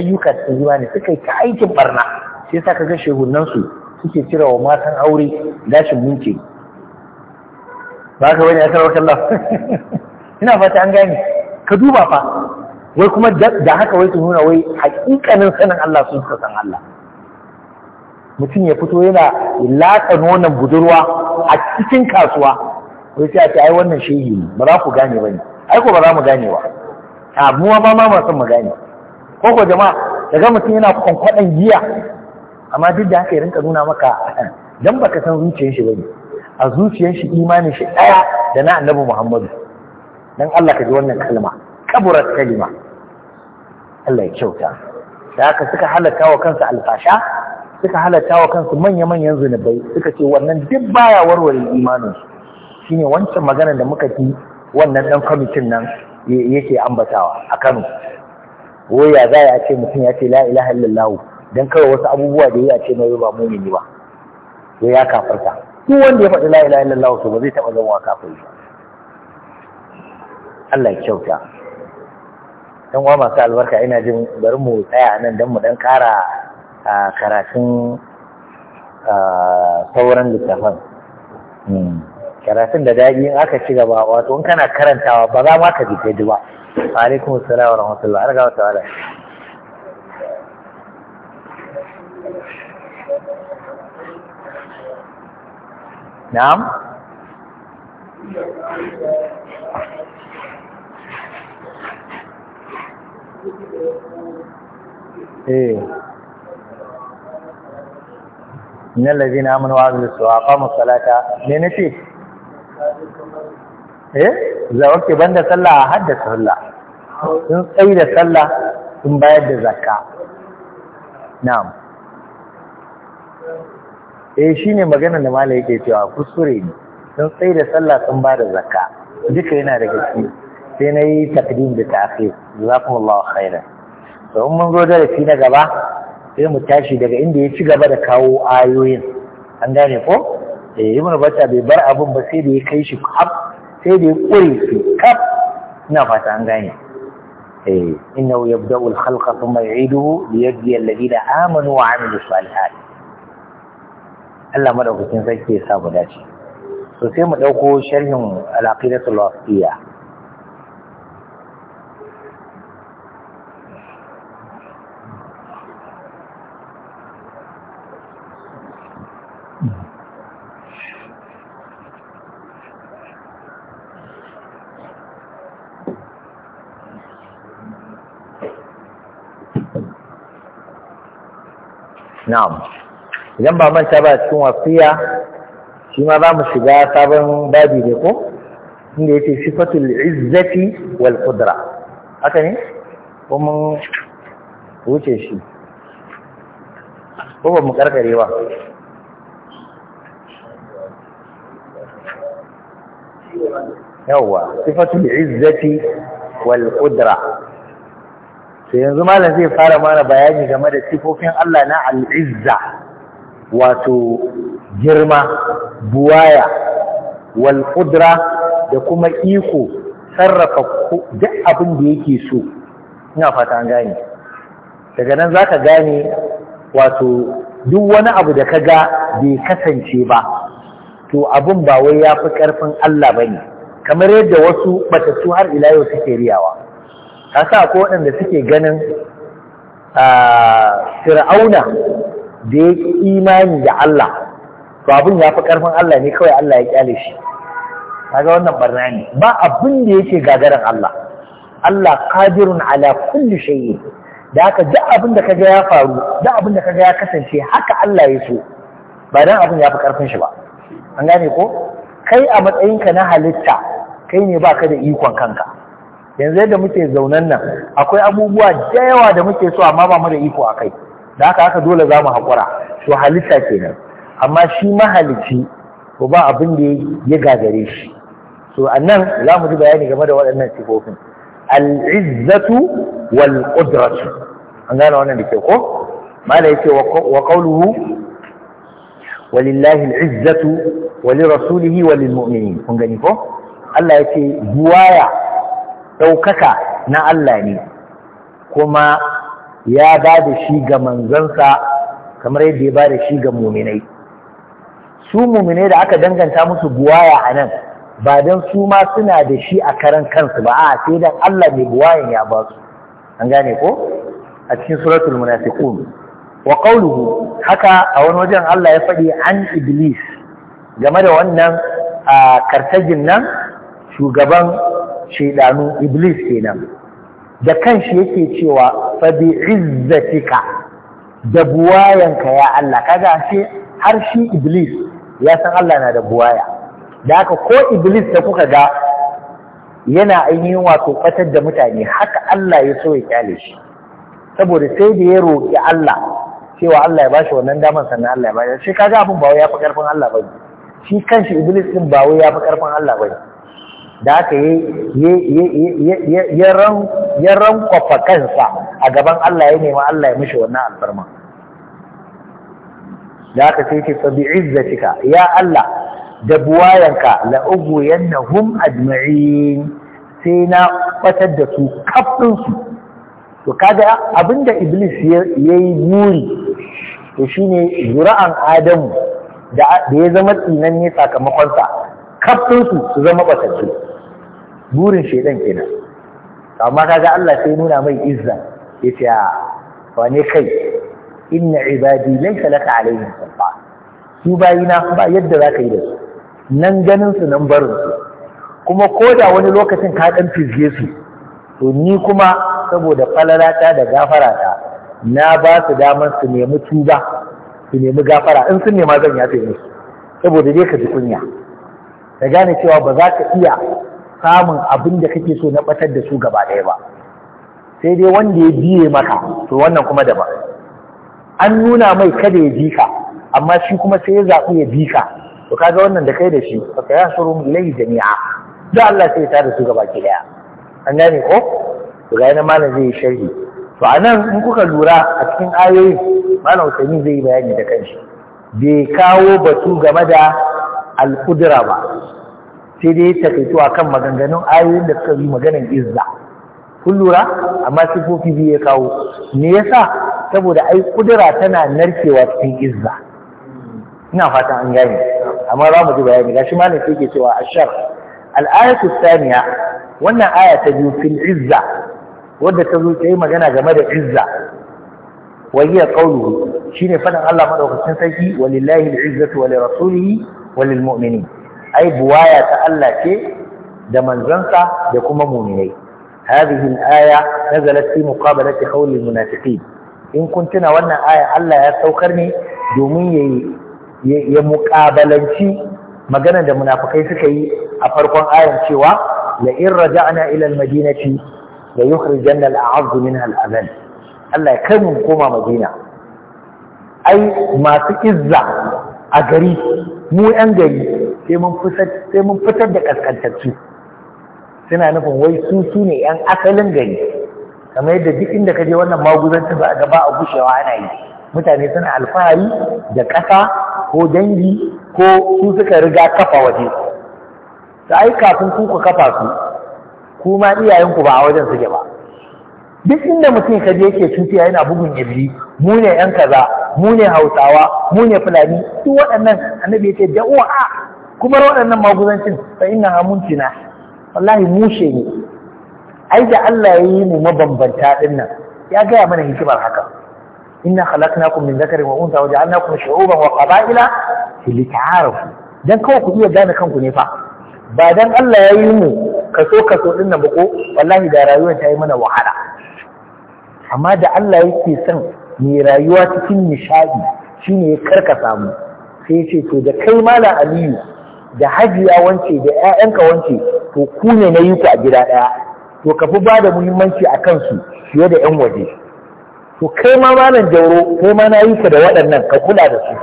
ayyukan da imani suka yi ta aikin barna sai sa kaga shehunan su suke cire wa matan aure gashin munke ba ka wani asarwar Allah ina fata an gane ka duba fa wai kuma da haka wai su nuna wai hakikanin sanin Allah sun suka san Allah mutum ya fito yana latsa nonon budurwa a cikin kasuwa wai sai a ce ai wannan shehi ne ba za ku gane ba ne ai ko ba za mu gane ba a mu ma ma mu gane ko ko jama'a daga mutum yana kwankwaɗan giya amma duk da haka ya rinka nuna maka dan baka san zuciyar shi bane a zuciyar shi imanin shi ɗaya da na annabi Muhammadu dan Allah ka ji wannan kalma kaburat kalima Allah ya kyauta da haka suka halatta wa kansu alfasha suka halatta wa kansu manya-manyan zunubai suka ce wannan duk baya warware imaninsu shine wancan magana da muka fi wannan dan kwamitin nan yake ambatawa a Kano waya za ya ce mutum ya ce la ilaha illallah dan kawai wasu abubuwa da ya ce mai ba mumini ba to ya kafarta duk wanda ya faɗi la ilaha illallah to ba zai taɓa zama kafiri Allah ya kyauta yan uwa masu albarka ina jin bari mu tsaya nan don mu dan kara karatun sauran littafan hmm. karatun da daji in aka ci gaba wato in kana karantawa ba za ma ka ji kai ba alaikum assalam wa rahmatullah an wata wala na'am eh min allazina amanu wa amilu aqamu salata ne nace eh za wake banda sallah a hadda sallah sun tsayi da sallah sun bayar da zakka na'am shine maganar da malai yake cewa kuskure ne sun tsayi da sallah sun bada zakka duka yana da cikin sai na yi takdim da kuma jazakumullahu khairan to in mun zo darasi na gaba sai mu tashi daga inda ya ci gaba da kawo ayoyin an gane ko eh ibnu bata bai bar abun ba sai da ya kai shi kaf sai da ya kure shi kaf ina fata an gane eh innahu yabda'u al-khalqa thumma yu'iduhu liyajzi alladhina amanu wa 'amilus salihat Allah madaukakin sarki ya sa mu dace so sai mu ɗauko sharhin al'aqidatul wasiyya na'am idan ba manta ba cikin wasiya shi ma za mu shiga sabon babi ne ko inda yake sifatul izzati wal qudra haka ne ko mun wuce shi ko ba mu karkare ba yawwa sifatul izzati wal qudra to yanzu malam zai fara mana bayani game da sifofin Allah na al'izza wato girma buwaya wal da kuma iko sarrafa duk abin da yake so ina fata an gane daga nan zaka gane wato duk wani abu da ka ga bai kasance ba to abin ba wai ya fi ƙarfin Allah ba ne kamar yadda wasu batattu har ila yau suke riyawa a sa ko waɗanda suke ganin fir'auna da ya imani da Allah to abin ya fi ƙarfin Allah ne kawai Allah ya ƙyale shi kaga wannan barna ne ba abin da yake gagarin Allah Allah qadirun ala kulli shay'i da haka duk abin da kaga ya faru duk abin da kaga ya kasance haka Allah ya so ba dan abin ya fi ƙarfin shi ba an gane ko kai a matsayinka na halitta kai ne baka da ikon kanka yanzu da muke zaunan nan akwai abubuwa da yawa da muke so amma ba mu da iko akai da haka aka dole zamu mu haƙura to halitta kenan amma shi mahalici to ba abin da ya gagare shi so annan za mu ji bayani game da waɗannan sifofin Al-Izzatu wal qudratu an gane wannan da ke ko mala yake wa qawluhu walillahi al'izzatu wa lirasulihi wa kun gani ko Allah yake buwaya ɗaukaka na Allah ne kuma ya ba da shi ga manzansa kamar yadda ya ba da shi ga muminai su muminai da aka danganta musu buwaya a nan ba don su ma suna da shi a karan kansu ba a sai don Allah mai buwayan ya ba su an gane ko a cikin suratul munafiqun wa qawluhu haka a wani wajen Allah ya faɗi an iblis game da wannan a kartajin nan shugaban shaidanu iblis kenan da kanshi yake cewa fa bi izzatika da buwayanka ya Allah kaga shi har shi iblis ya san Allah na da buwaya da haka ko iblis da kuka ga yana ainihin wato fatar da mutane haka Allah ya so ya kyale shi saboda sai da ya roƙi Allah cewa Allah ya bashi wannan damar sannan Allah ya ba shi kaga abin ba wai ya fi karfin Allah ba shi kanshi iblis din ba wai ya fi karfin Allah bane da aka yi ya rankwafa kansa a gaban Allah ya nema Allah ya mishi wannan alfarma da aka sai ce tsabi izzatika ya Allah da buwayanka la hum ajma'in sai na batar da su kafin su to kaga abinda iblis ya yi buri to shi ne zura'an adamu da ya zama tsinanne ne sakamakonsa, kafin su su zama batattu burin shaidan kenan amma kaga Allah sai nuna mai izza yace a wane kai inna ibadi laysa laka alaihim sultan su bayina ba yadda ka yi da su nan ganin su nan barin su kuma koda wani lokacin ka dan fizge su to ni kuma saboda falalata da gafarata na ba su damar su nemi tuba su nemi gafara in sun nema zan yafe musu saboda dai ka ji kunya ka gane cewa ba za ka iya samun abin da kake so na batar da su gaba ɗaya ba sai dai wanda ya biye maka to wannan kuma daban an nuna mai kada ya bi ka amma shi kuma sai ya zaɓi ya bi ka to kaga wannan da kai da shi fa ka yasuru ilayhi jami'a da Allah sai ya tada su gaba ki daya an gane ko to ga malam zai sharhi to anan in kuka lura a cikin ayoyi malam Usaini zai yi bayani da kanshi bai kawo batu game da al-qudra ba sai dai ya takaito a kan maganganun ayoyin da suka yi maganan izza kun lura amma sifofi biyu ya kawo me yasa saboda ai kudura tana narkewa cikin izza ina fatan an gane amma za mu ji bayani gashi malam sai ke cewa ashar al-ayatu thaniya wannan aya ta biyu fil izza wanda ta zo ta yi magana game da izza وهي قوله شين فدن الله مدوكتين سيكي ولله العزة ولرسوله وللمؤمنين ai buwaya ta Allah ce da manzansa da kuma muminai hadhihi al-aya nazalat fi muqabalati qawli munafiqin in kuntuna wannan aya Allah ya saukar ne domin yayi ya muqabalanci magana da munafikai suka yi a farkon ayan cewa la in raja'na ila al-madinati la yukhrijanna al-a'azzu minha al Allah ya kai mu koma Madina ai masu izza a gari mu 'yan gari sai mun fitar da ƙasƙantattu suna nufin wai su su ne yan asalin gari kamar yadda duk inda ka je wannan maguzancin ba a gaba a gushewa ana yi mutane suna alfahari da ƙasa ko dangi ko su suka riga kafa waje Su ai kafin ku ku kafa su kuma iyayenku ba a wajen suke ba duk inda mutum ka je yake tutiya yana bugun ibli mu ne yan kaza mu ne hausawa mu ne fulani duk waɗannan annabi yake ce kuma waɗannan maguzancin ina inna hamuntina wallahi mushe ne ai da Allah ya yi mu mabambanta dinnan, ya gaya mana hikimar haka inna khalaqnakum min dhakarin wa untha wa ja'alnakum shu'uban wa qaba'ila lita'arafu dan kawai ku iya gane kanku ne fa ba dan Allah ya yi mu kaso kaso din nan ba ko wallahi da rayuwar ta yi mana wahala amma da Allah yake son mai rayuwa cikin nishadi shine ya karkasa mu sai ya ce to da kai mala aliyu da hajiya wance da 'ya'yanka wance to ku ne na yi ku a gida ɗaya to ka fi ba muhimmanci a kansu fiye da 'yan waje to kai ma malam jauro kai ma na yi ka da waɗannan ka kula da su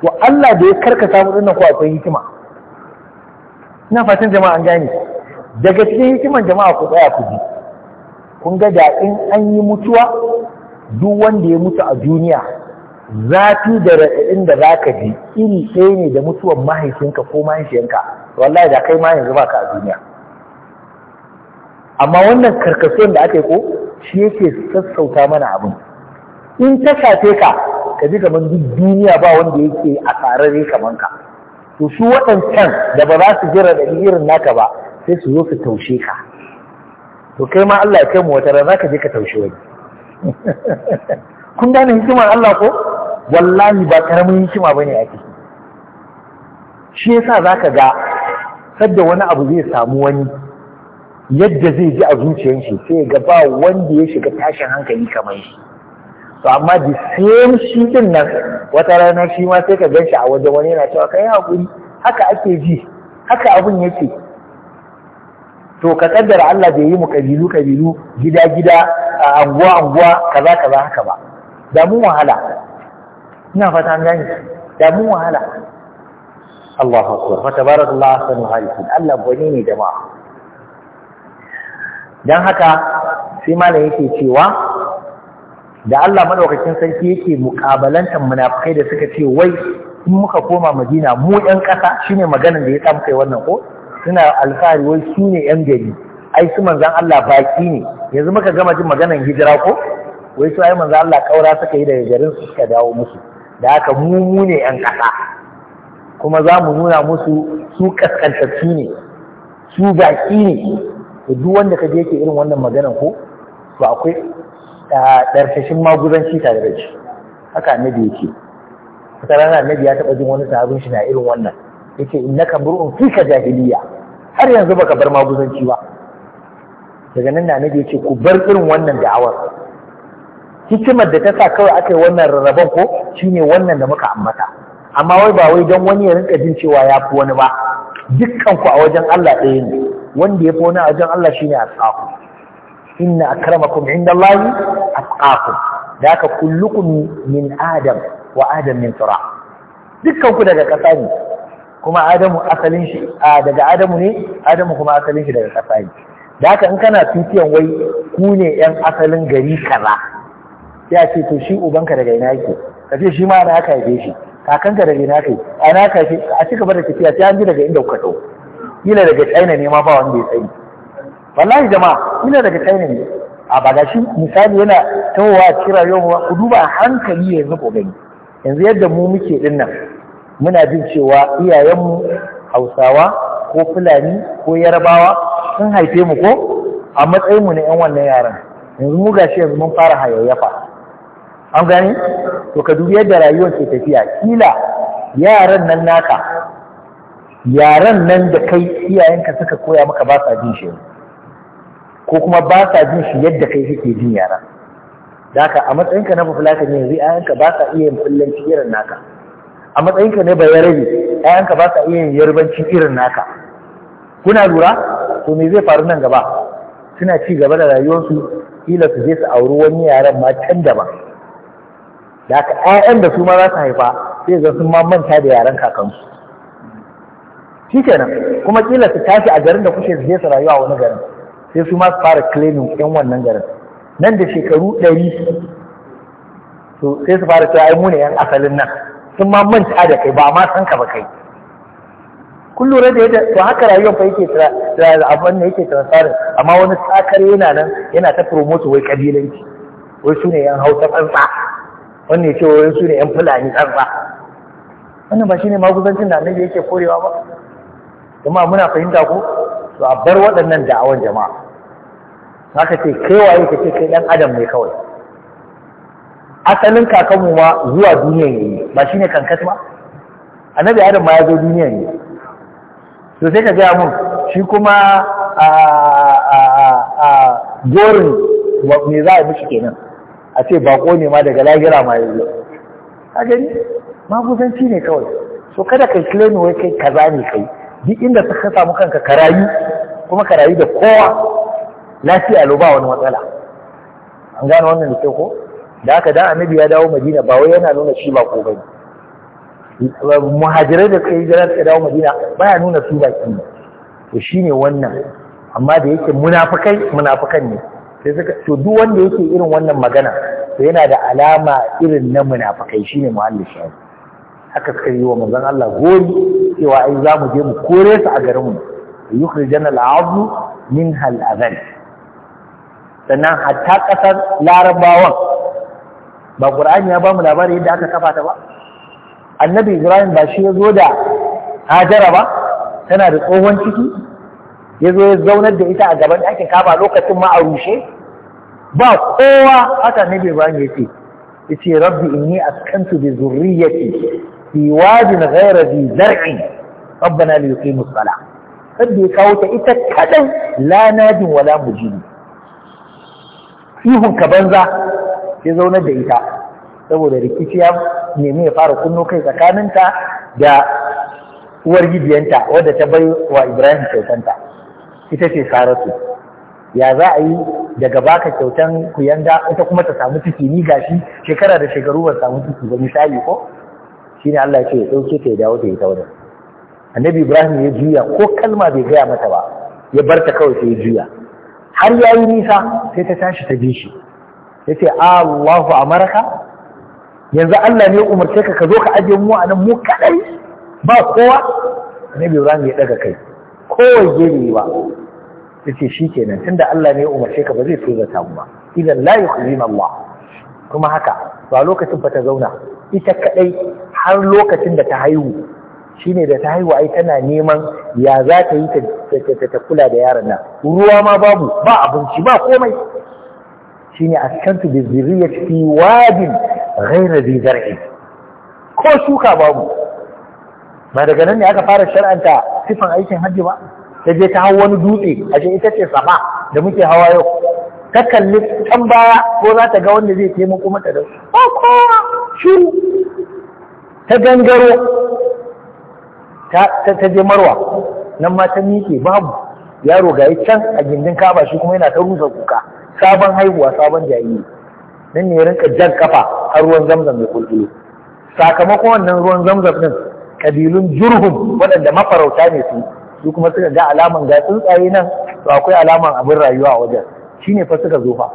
to Allah da ya karkasa mu dinnan ko akwai hikima ina fatan jama'a an gane daga cikin hikiman jama'a ku tsaya ku ji kun ga da in an yi mutuwa duk wanda ya mutu a duniya zafi da raɗaɗin da za ka ji iri ɗaya ne da mutuwan mahaifinka ko mahaifiyanka wallahi da kai ma yanzu ba ka a duniya amma wannan karkasuwan da aka yi ko shi yake sassauta mana abin in ta shafe ka ka ji kamar duk duniya ba wanda yake a tsararre kamar ka to su waɗancan da ba za su ji raɗaɗi irin naka ba sai su zo su taushe ka to kai ma Allah ya kai mu wata rana ka je ka taushe wani kun gane hikimar Allah ko wallahi ba karamin hikima ne a ciki shi yasa ka ga sadda wani abu zai samu wani yadda zai ji a zuciyar shi sai ga ba wanda ya shiga tashin hankali kamar shi to amma da same shi din nan wata rana shi ma sai ka gan shi a wajen wani yana cewa kai hakuri haka ake ji haka abun yake to ka kaddara Allah bai yi mu kabilu kabilu gida gida a anguwa anguwa kaza kaza haka ba damu wahala ina fata an gani damu wahala Allahu akbar fa tabarakallahu ahsanul khaliqin Allah gwani ne jama'a dan haka sai malam yake cewa da Allah madaukakin sarki yake mukabalantar munafikai da suka ce wai in muka koma Madina mu ɗan ƙasa shine maganar da ya samu kai wannan ko suna alfahari wai su ne ƴan gari ai su manzan Allah baki ne yanzu muka gama jin maganar hijira ko wai su ai manzan Allah kaura suka yi daga garin su suka dawo musu da haka mu ne yan ƙasa kuma za mu nuna musu su ƙasƙantattu ne su baƙi ne da duk wanda ka je yake irin wannan maganan ko to akwai ɗarfashin maguzanci tare da shi haka annabi yake wata rana annabi ya taɓa jin wani sahabin shi na irin wannan yace innaka fi ka jahiliya har yanzu baka bar maguzanci ba daga nan na annabi ce ku bar irin wannan da'awar hikimar da ta sa kawai aka yi wannan rarraban ko shine wannan da muka ambata amma wai ba wai don wani ya rinka jin cewa ya fi wani ba dukkan ku a wajen Allah ɗaya ne wanda ya fi wani a wajen Allah shine tsaku inna akramakum indallahi atqakum da haka kullukum min adam wa adam min tura dukkan ku daga ƙasa ne kuma adamu asalin shi daga adamu ne adamu kuma asalin shi daga ƙasa ne da haka in kana tutiyan wai ku ne 'yan asalin gari kaza ya ce to shi ubanka daga ina yake ka ce shi ma ana haka haife shi kakanka daga ina kai ana aka haife a cika bada da tafiya sai an ji daga inda kuka tau kila daga China ne ma ba wanda ya sani wallahi jama'a kila daga China ne a ba ga shi misali yana tawowa a cikin rayuwar ku duba hankali yanzu ko gani yanzu yadda mu muke din nan muna jin cewa iyayenmu Hausawa ko Fulani ko Yarbawa sun haife mu ko a matsayinmu na 'yan wannan yaran yanzu mu gashi yanzu mun fara hayayyafa an gani to ka dubi yadda rayuwar ke tafiya kila yaran nan naka yaran nan da kai iyayenka suka koya maka ba sa jin shi ko kuma ba sa jin shi yadda kai kake jin yara da haka a matsayinka na fulaka ne yanzu iyayenka ba sa iya yin fullanci irin naka a matsayinka ne bayarabe iyayenka ba sa iya yin yarbanci irin naka kuna lura to me zai faru nan gaba suna ci gaba da rayuwarsu kila su je su auri wani yaran ma can daban da haka ƴaƴan da su ma za su haifa sai ga sun ma manta da yaran kakansu shi kenan kuma kila su tashi a garin da kuke zai su rayuwa wani garin sai su ma su fara claiming ƴan wannan garin nan da shekaru ɗari su, sai su fara cewa ai mu ne ƴan asalin nan sun ma manta da kai ba ma san ka ba kai kun lura da yadda to haka rayuwar fa yake da abin da yake transparent amma wani sakar yana nan yana ta promote wai kabilanci wai su ne ƴan hausa tsantsa wannan ya ce wurin su ne yan fulani ba wannan ba shi ne maguzancin da annabi yake korewa ba kuma muna fahimta ko to a bar waɗannan da'awan jama'a haka ce kai waye ka ce kai ɗan adam ne kawai asalin kakanmu ma zuwa duniya ne ba shi ne kankas ba annabi adam ma ya zo duniya ne to sai ka gaya mun shi kuma a gorin me za a yi mishi kenan a ce bako ne ma daga lahira ma yanzu a gani maguzanci ne kawai so kada kai ne wai kai kaza ne kai duk inda ka samu kanka ka karayi kuma karayi da kowa lafiya lo ba wani matsala an gane wannan da ke ko da haka da annabi ya dawo madina ba wai yana nuna shi ba ko muhajirai da kai jira suka dawo madina baya nuna su baki to shine wannan amma da yake munafukai, munafukan ne sai suka to duk wanda yake irin wannan magana to yana da alama irin na munafikai shine muhallin shayi haka suka yi wa manzon Allah gori cewa ai za mu je mu kore su a garin mu yukhrijan al-azu min hal azan sannan hatta kasar larabawan ba qur'ani ya ba mu labari yadda aka kafa ta ba annabi ibrahim ba shi ya zo da hajara ba tana da tsohon ciki ya zo ya zaunar da ita a gaban ɗakin kaba lokacin ma a rushe ba kowa haka ne bai bani yace rabbi in askantu bi zurriyyati fi wadin ghayra zi zar'in rabbana li yuqimu as kada ya kawo ta ita kadan la nadin wala mujibi ihun ka banza ya zaunar da ita saboda rikici ya nemi ya fara kunno kai tsakaninta da uwar gidiyanta wadda ta bai wa Ibrahim kyautanta ita ce saratu ya za a yi daga baka kyautan kuyanga ita kuma ta samu ciki ni gashi shekara da shekaru ba samu ciki ba misali ko shine Allah ya ce ya dauke ta ya dawo ta ita wajen annabi Ibrahim ya juya ko kalma bai gaya mata ba ya bar ta kawai sai ya juya har ya yi nisa sai ta tashi ta bi shi ya ce Allahu amaraka yanzu Allah ne ya umarce ka ka zo ka ajiye mu a nan mu kadai ba kowa annabi Ibrahim ya daga kai kowace ne ba ya ce shi kenan tunda Allah ne ya umarce ka ba zai tozata mu ba idan la yukhzina Allah kuma haka ba lokacin fa ta zauna ita kadai har lokacin da ta haihu shine da ta haihu ai tana neman ya za ta yi ta kula da yaron nan ruwa ma babu ba abinci ba komai shine askantu bi ya fi wadin ghayra dhi zar'in ko shuka babu ba daga nan ne aka fara shar'anta sifan aikin hajji ba ta je ta hau wani dutse a ce ita ce sama da muke hawa yau ta kalli can baya ko za ta ga wanda zai taimako mata da ba shi ta gangaro ta je marwa nan ma ta miƙe babu yaro ga can a gindin kaba shi kuma yana ta rusa kuka sabon haihuwa sabon jariri nan ne rinka jan kafa a ruwan zamzam ya kulkulu sakamakon wannan ruwan zamzam din kabilun jurhum waɗanda mafarauta ne su su kuma suka ga alaman ga tsuntsaye nan to akwai alaman abin rayuwa a wajen shine fa suka zo fa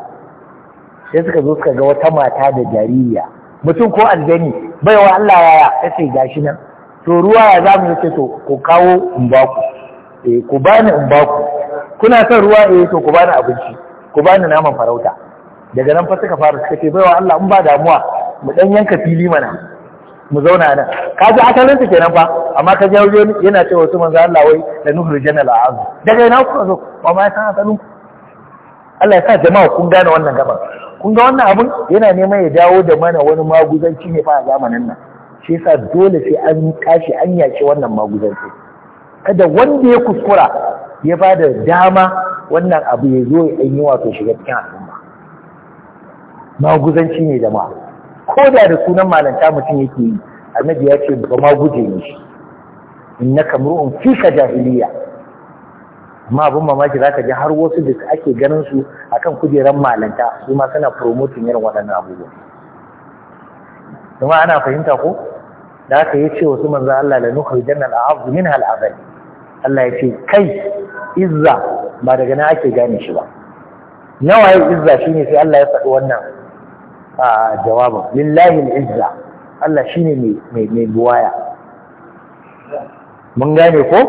sai suka zo suka ga wata mata da jaririya mutum ko aljani baiwa Allah yaya kace gashi nan to ruwa ya zamu yace to ku kawo in ba ku eh ku bani in ba ku kuna son ruwa eh to ku bani abinci ku bani naman farauta daga nan fa suka fara suka ce baiwa Allah in ba damuwa mu dan yanka fili mana mu zauna nan ka ji asalin su kenan fa amma ka ji wajen yana ce wasu manzo Allah wai la nuhur janal az daga ina ku zo ba mai san asalin Allah ya sa jama'a kun gane wannan gaban kun ga wannan abun yana neman ya dawo da mana wani maguzanci ne fa a zamanin nan shi yasa dole sai an kashi an yace wannan maguzanci kada wanda ya kuskura ya ba da dama wannan abu ya zo ya yi wato shiga cikin al'umma maguzanci ne jama'a ko da da sunan malanta mutum yake yi annabi ya ce ba ma guje ne shi inna mur'un fika jahiliya amma abin mamaki zaka ji har wasu da ake ganin su akan kujeran malanta su ma suna promoting irin waɗannan abubuwa kuma ana fahimta ko da aka yi ce wasu manzo Allah la nukhrijan al-a'z min al Allah ya ce kai izza ba daga na ake gane shi ba nawaye izza shine sai Allah ya faɗi wannan a jawabin lillahi izza Allah shine mai mai buwaya mun gane ko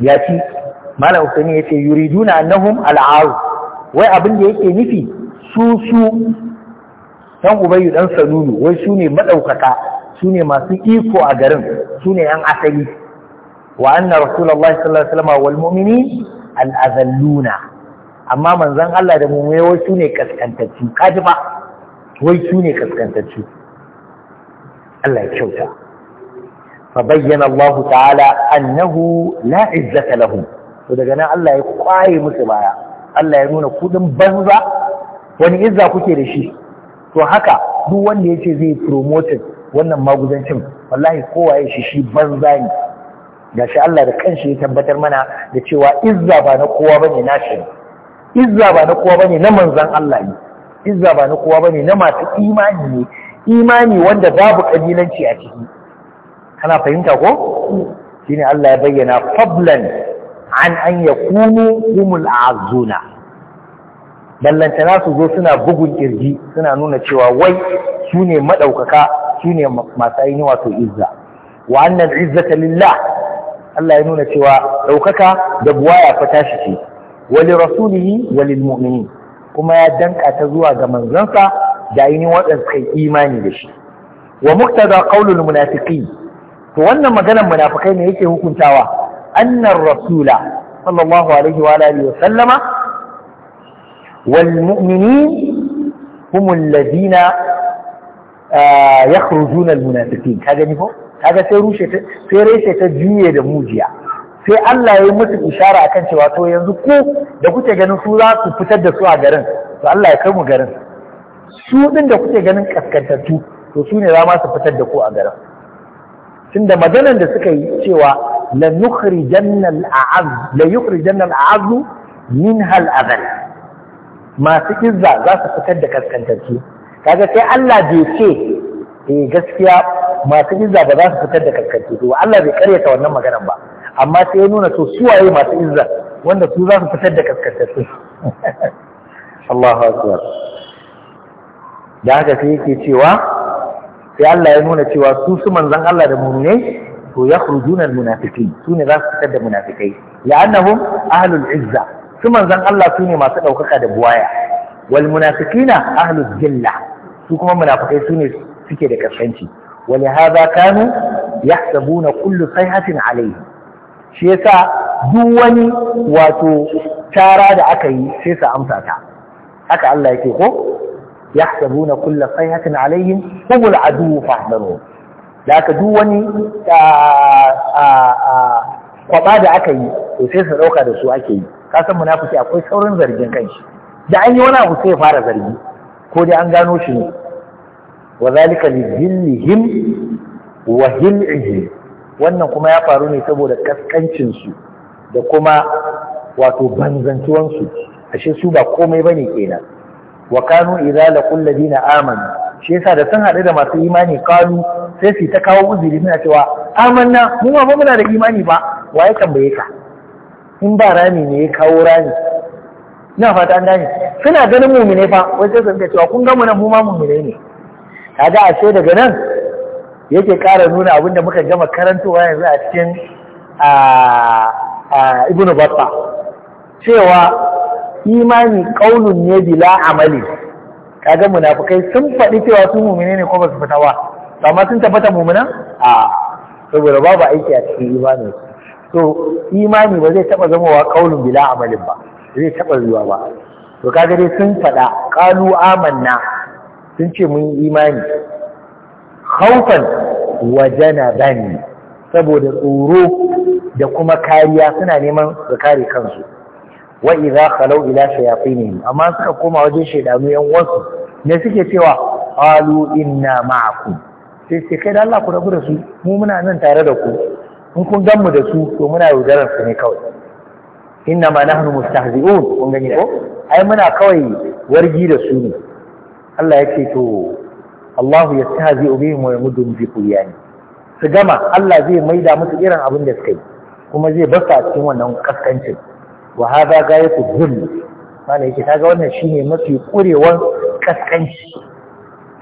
ya ci malam usaini yace yuriduna annahum al'aru wai abinda yake nufi su su dan ubayyu dan salulu wai su ne madaukaka su ne masu iko a garin su ne yan asali wa anna rasulullahi sallallahu alaihi wasallam wal mu'minin al amma manzon Allah da mu'mini su ne kaskantattu wai su ne kaskantacci Allah ya kyauta fa bayyana Allah ta'ala annahu la izzata lahum to daga nan Allah ya kwaye musu baya Allah ya nuna kudin banza wani izza kuke da shi to haka duk wanda yace zai promoting wannan maguzancin wallahi kowa ya shi shi banza ne gashi Allah da kanshi ya tabbatar mana da cewa izza ba na kowa bane nashi izza ba na kowa bane na manzon Allah ne izza ba na kowa bane na masu imani ne imani wanda babu kabilanci a ciki kana fahimta ko shine Allah ya bayyana fablan an an yakunu humul azuna ballantana su zo suna bugun kirji suna nuna cewa wai su ne madaukaka masu ainihi wato izza wa annal izzata lillah Allah ya nuna cewa daukaka da buwaya fa tashi ce wa li rasulihi wa lil kuma ya danka ta zuwa ga manzansa da ainihin waɗanda suka imani da shi wa muktada qaulul munafiqin to wannan maganar munafikai ne yake hukuntawa annar rasula sallallahu alaihi wa alihi wa sallama wal mu'minin hum alladhina yakhrujuna al munafiqin kaga ni ko kaga sai rushe sai reshe ta juye da mujiya sai Allah ya yi musu ishara a kan cewa to yanzu ku da kuke ganin su za su fitar da su a garin to Allah ya kai mu garin su ɗin da kuke ganin kaskantattu to su ne za ma su fitar da ku a garin da maganar da suka yi cewa la yukhrijanna al-a'az la yukhrijanna al-a'az minha al-adhal masu izza za su fitar da kaskantattu kaga sai Allah bai ce eh gaskiya masu izza ba za su fitar da kaskantattu Allah bai karyata wannan maganar ba amma sai ya nuna to suwaye masu izza wanda su za su fitar da kaskantattu Allahu akbar da haka sai yake cewa sai Allah ya nuna cewa su su manzan Allah da mu'mine to ya yakhrujuna almunafiqin su ne za su fitar da munafikai la'annahum ahlul izza su manzan Allah su ne masu daukaka da buwaya wal munafiqina ahlul jilla su kuma munafikai su ne suke da kaskanci ولهذا كانوا يحسبون كل صيحة عليه shi yasa duk wani wato tara da aka yi sai sa amsa ta haka Allah yake ko yahsabuna kulla sayhatin alaihim humul adu fahdaru da aka duk wani kwaba da aka yi to sai sa dauka da su ake yi ka san munafiki akwai saurin zargin kanshi da an yi wani abu sai ya fara zargi ko dai an gano shi ne wa zalika li wa hil'ihim wannan kuma ya faru ne saboda kaskancinsu da kuma wato banzantuwansu ashe su ba komai ba ne kenan wa kanu idza kulli ladina amanu shi yasa da sun haɗu da masu imani kanu sai su ta kawo uzuri suna cewa amanna mu ma muna da imani ba waye tambaye ka in ba rami ne ya kawo rami ina fata an gane suna ganin ne fa wai sai su ga cewa kun ga mu nan mu ma mu ne kaga ashe daga nan yake ƙara nuna abinda muka gama karantowa yanzu a cikin ibn batta cewa imani ƙaunin ne bila amali kaga munafukai sun faɗi cewa sun mummune ne ko ba su fita ba amma sun tabbata mumina a saboda babu aiki a cikin imani to imani ba zai taɓa zamowa ƙaunin bila amalin ba zai taɓa zuwa ba to kaga dai sun faɗa ƙalu amanna sun ce mun imani khawfan wa janaban saboda tsoro da kuma kariya suna neman su kare kansu wa idza khalau ila shayatinihim amma suka koma waje shedanu yan wasu ne suke cewa alu inna ma'akum sai sai kai da Allah ku rabu da su mu muna nan tare da ku in kun gan mu da su to muna yaudarar su ne kawai inna ma nahnu mustahzi'un kun gani ko ai muna kawai wargi da su ne Allah yake to Allah ya Allahu yastahzi'u bihim wa yamudduhum fi tughyan su gama Allah zai maida musu irin abin da suka yi kuma zai basa a cikin wannan kaskancin wa hada gayatu dhull mana yake kaga wannan shine mafi kurewar kaskanci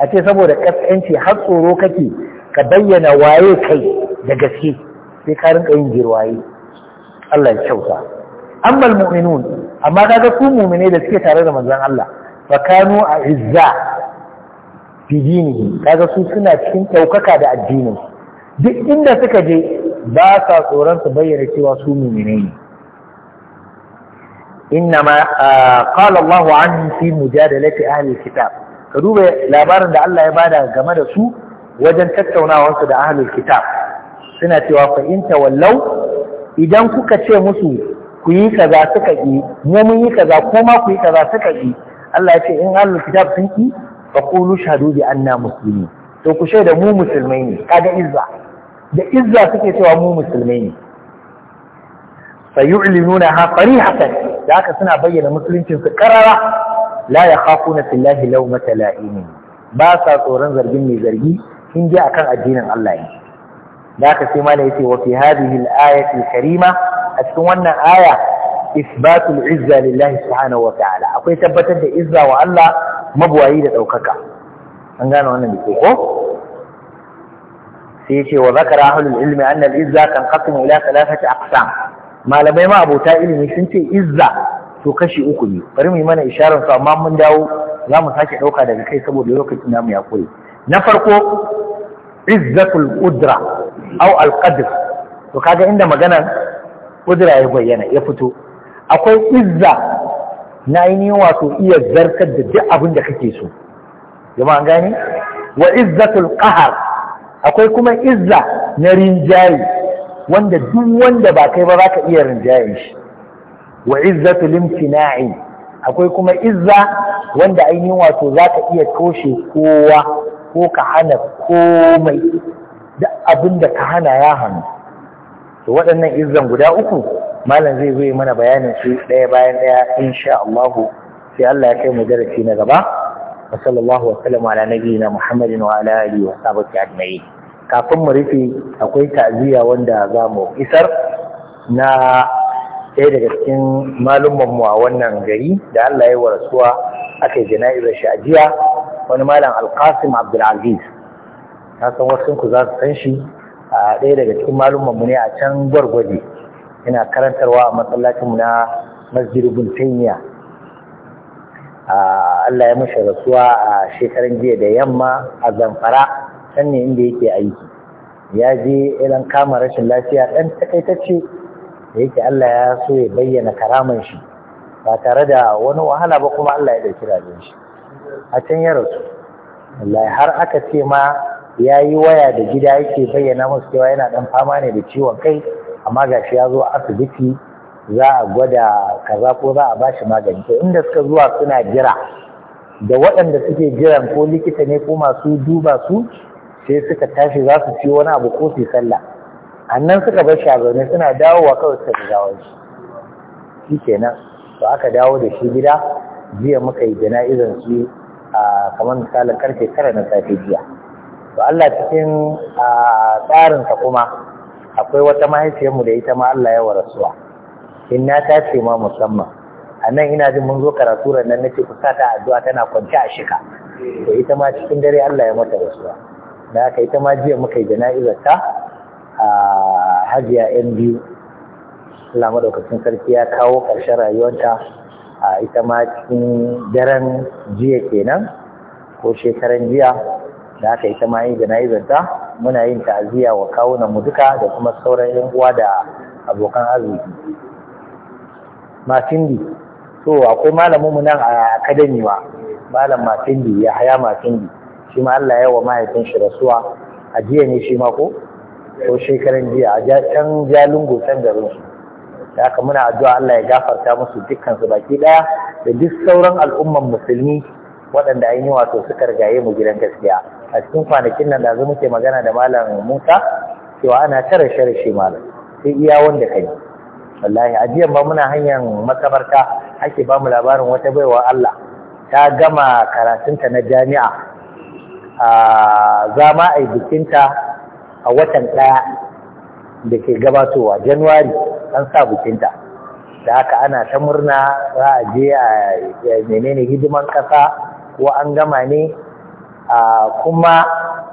a ce saboda kaskanci har tsoro kake ka bayyana waye kai da gaske sai ka rinka yin girwaye Allah ya kyauta ammal mu'minun amma kaga su mu'mine da suke tare da manzon Allah fa kanu a izza fi dini kaga su suna cikin ɗaukaka da addinin duk inda suka je basa tsoron su bayyana cewa su mummune ne inna ma qala Allahu anhum fi mujadalati ahli kitab ka duba labarin da Allah ya bada game da su wajen tattaunawar su da ahli kitab suna cewa fa in idan kuka ce musu ku yi kaza suka yi mu mun yi kaza kuma ku yi kaza suka yi Allah ya ce in ahli kitab sun ki. fa qulu shahadu bi anna musulmi to ku shaida mu musulmai ne kaga izza da izza suke cewa mu musulmai ne sayu'linuna ha sarihatan da aka suna bayyana musuluncin su karara la yakhafuna fillahi lawmata la'im ba sa tsoron zargin mai zargi in ji akan addinin Allah ne da aka sai malai yace wa fi hadhihi al-ayati al-karima a cikin wannan aya isbatul izza lillahi subhanahu wata'ala akwai tabbatar da izza wa Allah mabuwayi da daukaka an gane wannan da ko sai ce wa zakara ahlul ilmi anna al izza kan qasimu ila thalathati aqsam malamai ma abota ilimi sun ce izza to kashi uku ne bari mu yi mana isharar su amma mun dawo za mu sake dauka daga kai saboda lokacin namu ya kure na farko izzatul qudra aw al qadr to kaga inda maganar kudura ya bayyana ya fito akwai izza na ainihin wato iya zartar da duk abin da kake so jama'a gane wa izzatul qahar akwai kuma izza na rinjaye wanda duk wanda ba kai ba zaka iya rinjaye shi wa izzatul imtina'i akwai kuma izza wanda ainihin wato zaka iya toshe kowa ko ka hana komai duk abin da ka hana ya hannu to waɗannan izzan guda uku malam zai zo mana bayanin su ɗaya bayan ɗaya insha Allah sai Allah ya kai mu darasi na gaba wa sallallahu wa sallam ala nabiyina Muhammadin wa ala alihi wa sahbihi ajma'in kafin mu rufe akwai ta'ziya wanda za mu isar na ɗaya daga cikin malumman mu a wannan gari da Allah ya wa rasuwa aka yi jana'izar shi a jiya wani malam Alqasim Abdul Aziz na san wasu ku za su san shi a ɗaya daga cikin malumanmu ne a can gwargwaje yana karantarwa a matsalacinmu na masjidubin taimiya Allah ya mashi rasuwa a shekaran jiya da yamma a zamfara can ne inda yake aiki ya je ilan kama rashin lafiya ɗan takaitacce da yake Allah ya so ya bayyana karaman shi ba tare da wani wahala ba kuma Allah ya ɗauki rajin shi a can ya rasu Allah har aka ce ma ya yi waya da gida yake bayyana masu cewa yana ɗan fama ne da ciwon kai amma ga shi ya zo asibiti za a gwada kaza ko za a bashi magani to inda suka zuwa suna jira da waɗanda suke jiran ko likita ne ko masu duba su sai suka tashi za su ci wani abu ko su sallah annan suka bar shi a suna dawowa kawai suka ga wani shi kenan to aka dawo da shi gida jiya muka yi jana'izar su a kamar misalin karfe tara na safe jiya to Allah cikin tsarinsa kuma akwai wata mahaifiyarmu da ita ma Allah ya rasuwa. in na tace ma musamman a nan ina jin mun zo karatu nan nake ku kusa ta addu'a tana kwance a shika to ita ma cikin dare Allah ya mata rasuwa da haka ita ma jiya muka yi jana'izar ta a hajiya yan biyu Allah madaukakin sarki ya kawo ƙarshen rayuwarta a ita ma cikin daren jiya kenan ko shekaran jiya da haka ita ma yin yi zanta muna yin ta'aziyya wa kawunan mu duka da kuma sauran yan uwa da abokan arziki masindi to akwai malamin mu nan a academy wa malam masindi ya haya masindi shi ma Allah ya wa mahaifin shi rasuwa a jiya ne shi ma ko ko shekaran jiya a can jalungo can garin su da aka muna addu'a Allah ya gafarta musu dukkan su baki ɗaya da duk sauran al'umman musulmi waɗanda an yi wato suka rigaye mu gidan gaskiya a cikin kwanakin nan da zo muke magana da malam Musa cewa ana tara shi malam sai iya wanda kai wallahi a jiya ba muna hanyar makabarta ake ba mu labarin wata baiwa Allah ta gama karatunta na jami'a a zama a bikinta a watan ɗaya da ke gabatowa januwari an sa bikinta da haka ana ta murna za a je a menene hidiman ƙasa ko an gama ne kuma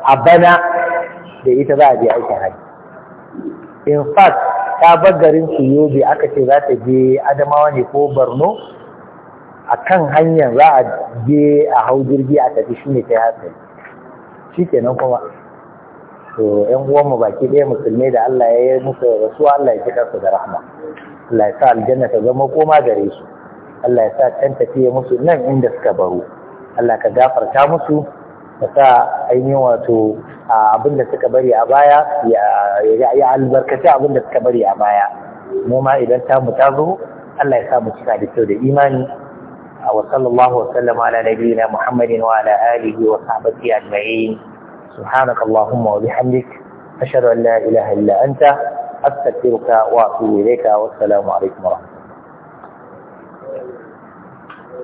a bana da ita za a je aikin hajji in fact ta bagarin su yobe aka ce za ta je adamawa ne ko borno a kan hanyar za a je a hau jirgi a tafi shi ne ta yi shi kenan kuma to yan uwanmu baki ɗaya musulmai da Allah ya yi musu rasu Allah ya kika su da rahma Allah ya sa aljanna ta zama koma gare su Allah ya sa can ya musu nan inda suka baro Allah ka gafarta musu ka sa ainihin wato abin da suka bari a baya ya albarkaci abin da suka bari a baya mu ma idan ta mu ta zo Allah ya sa mu cika da kyau da imani wa sallallahu wa sallama ala nabiyyina Muhammadin wa ala alihi wa sahbihi ajma'in subhanaka allahumma wa bihamdik ashhadu an la ilaha illa anta astaghfiruka wa atubu ilayka wa assalamu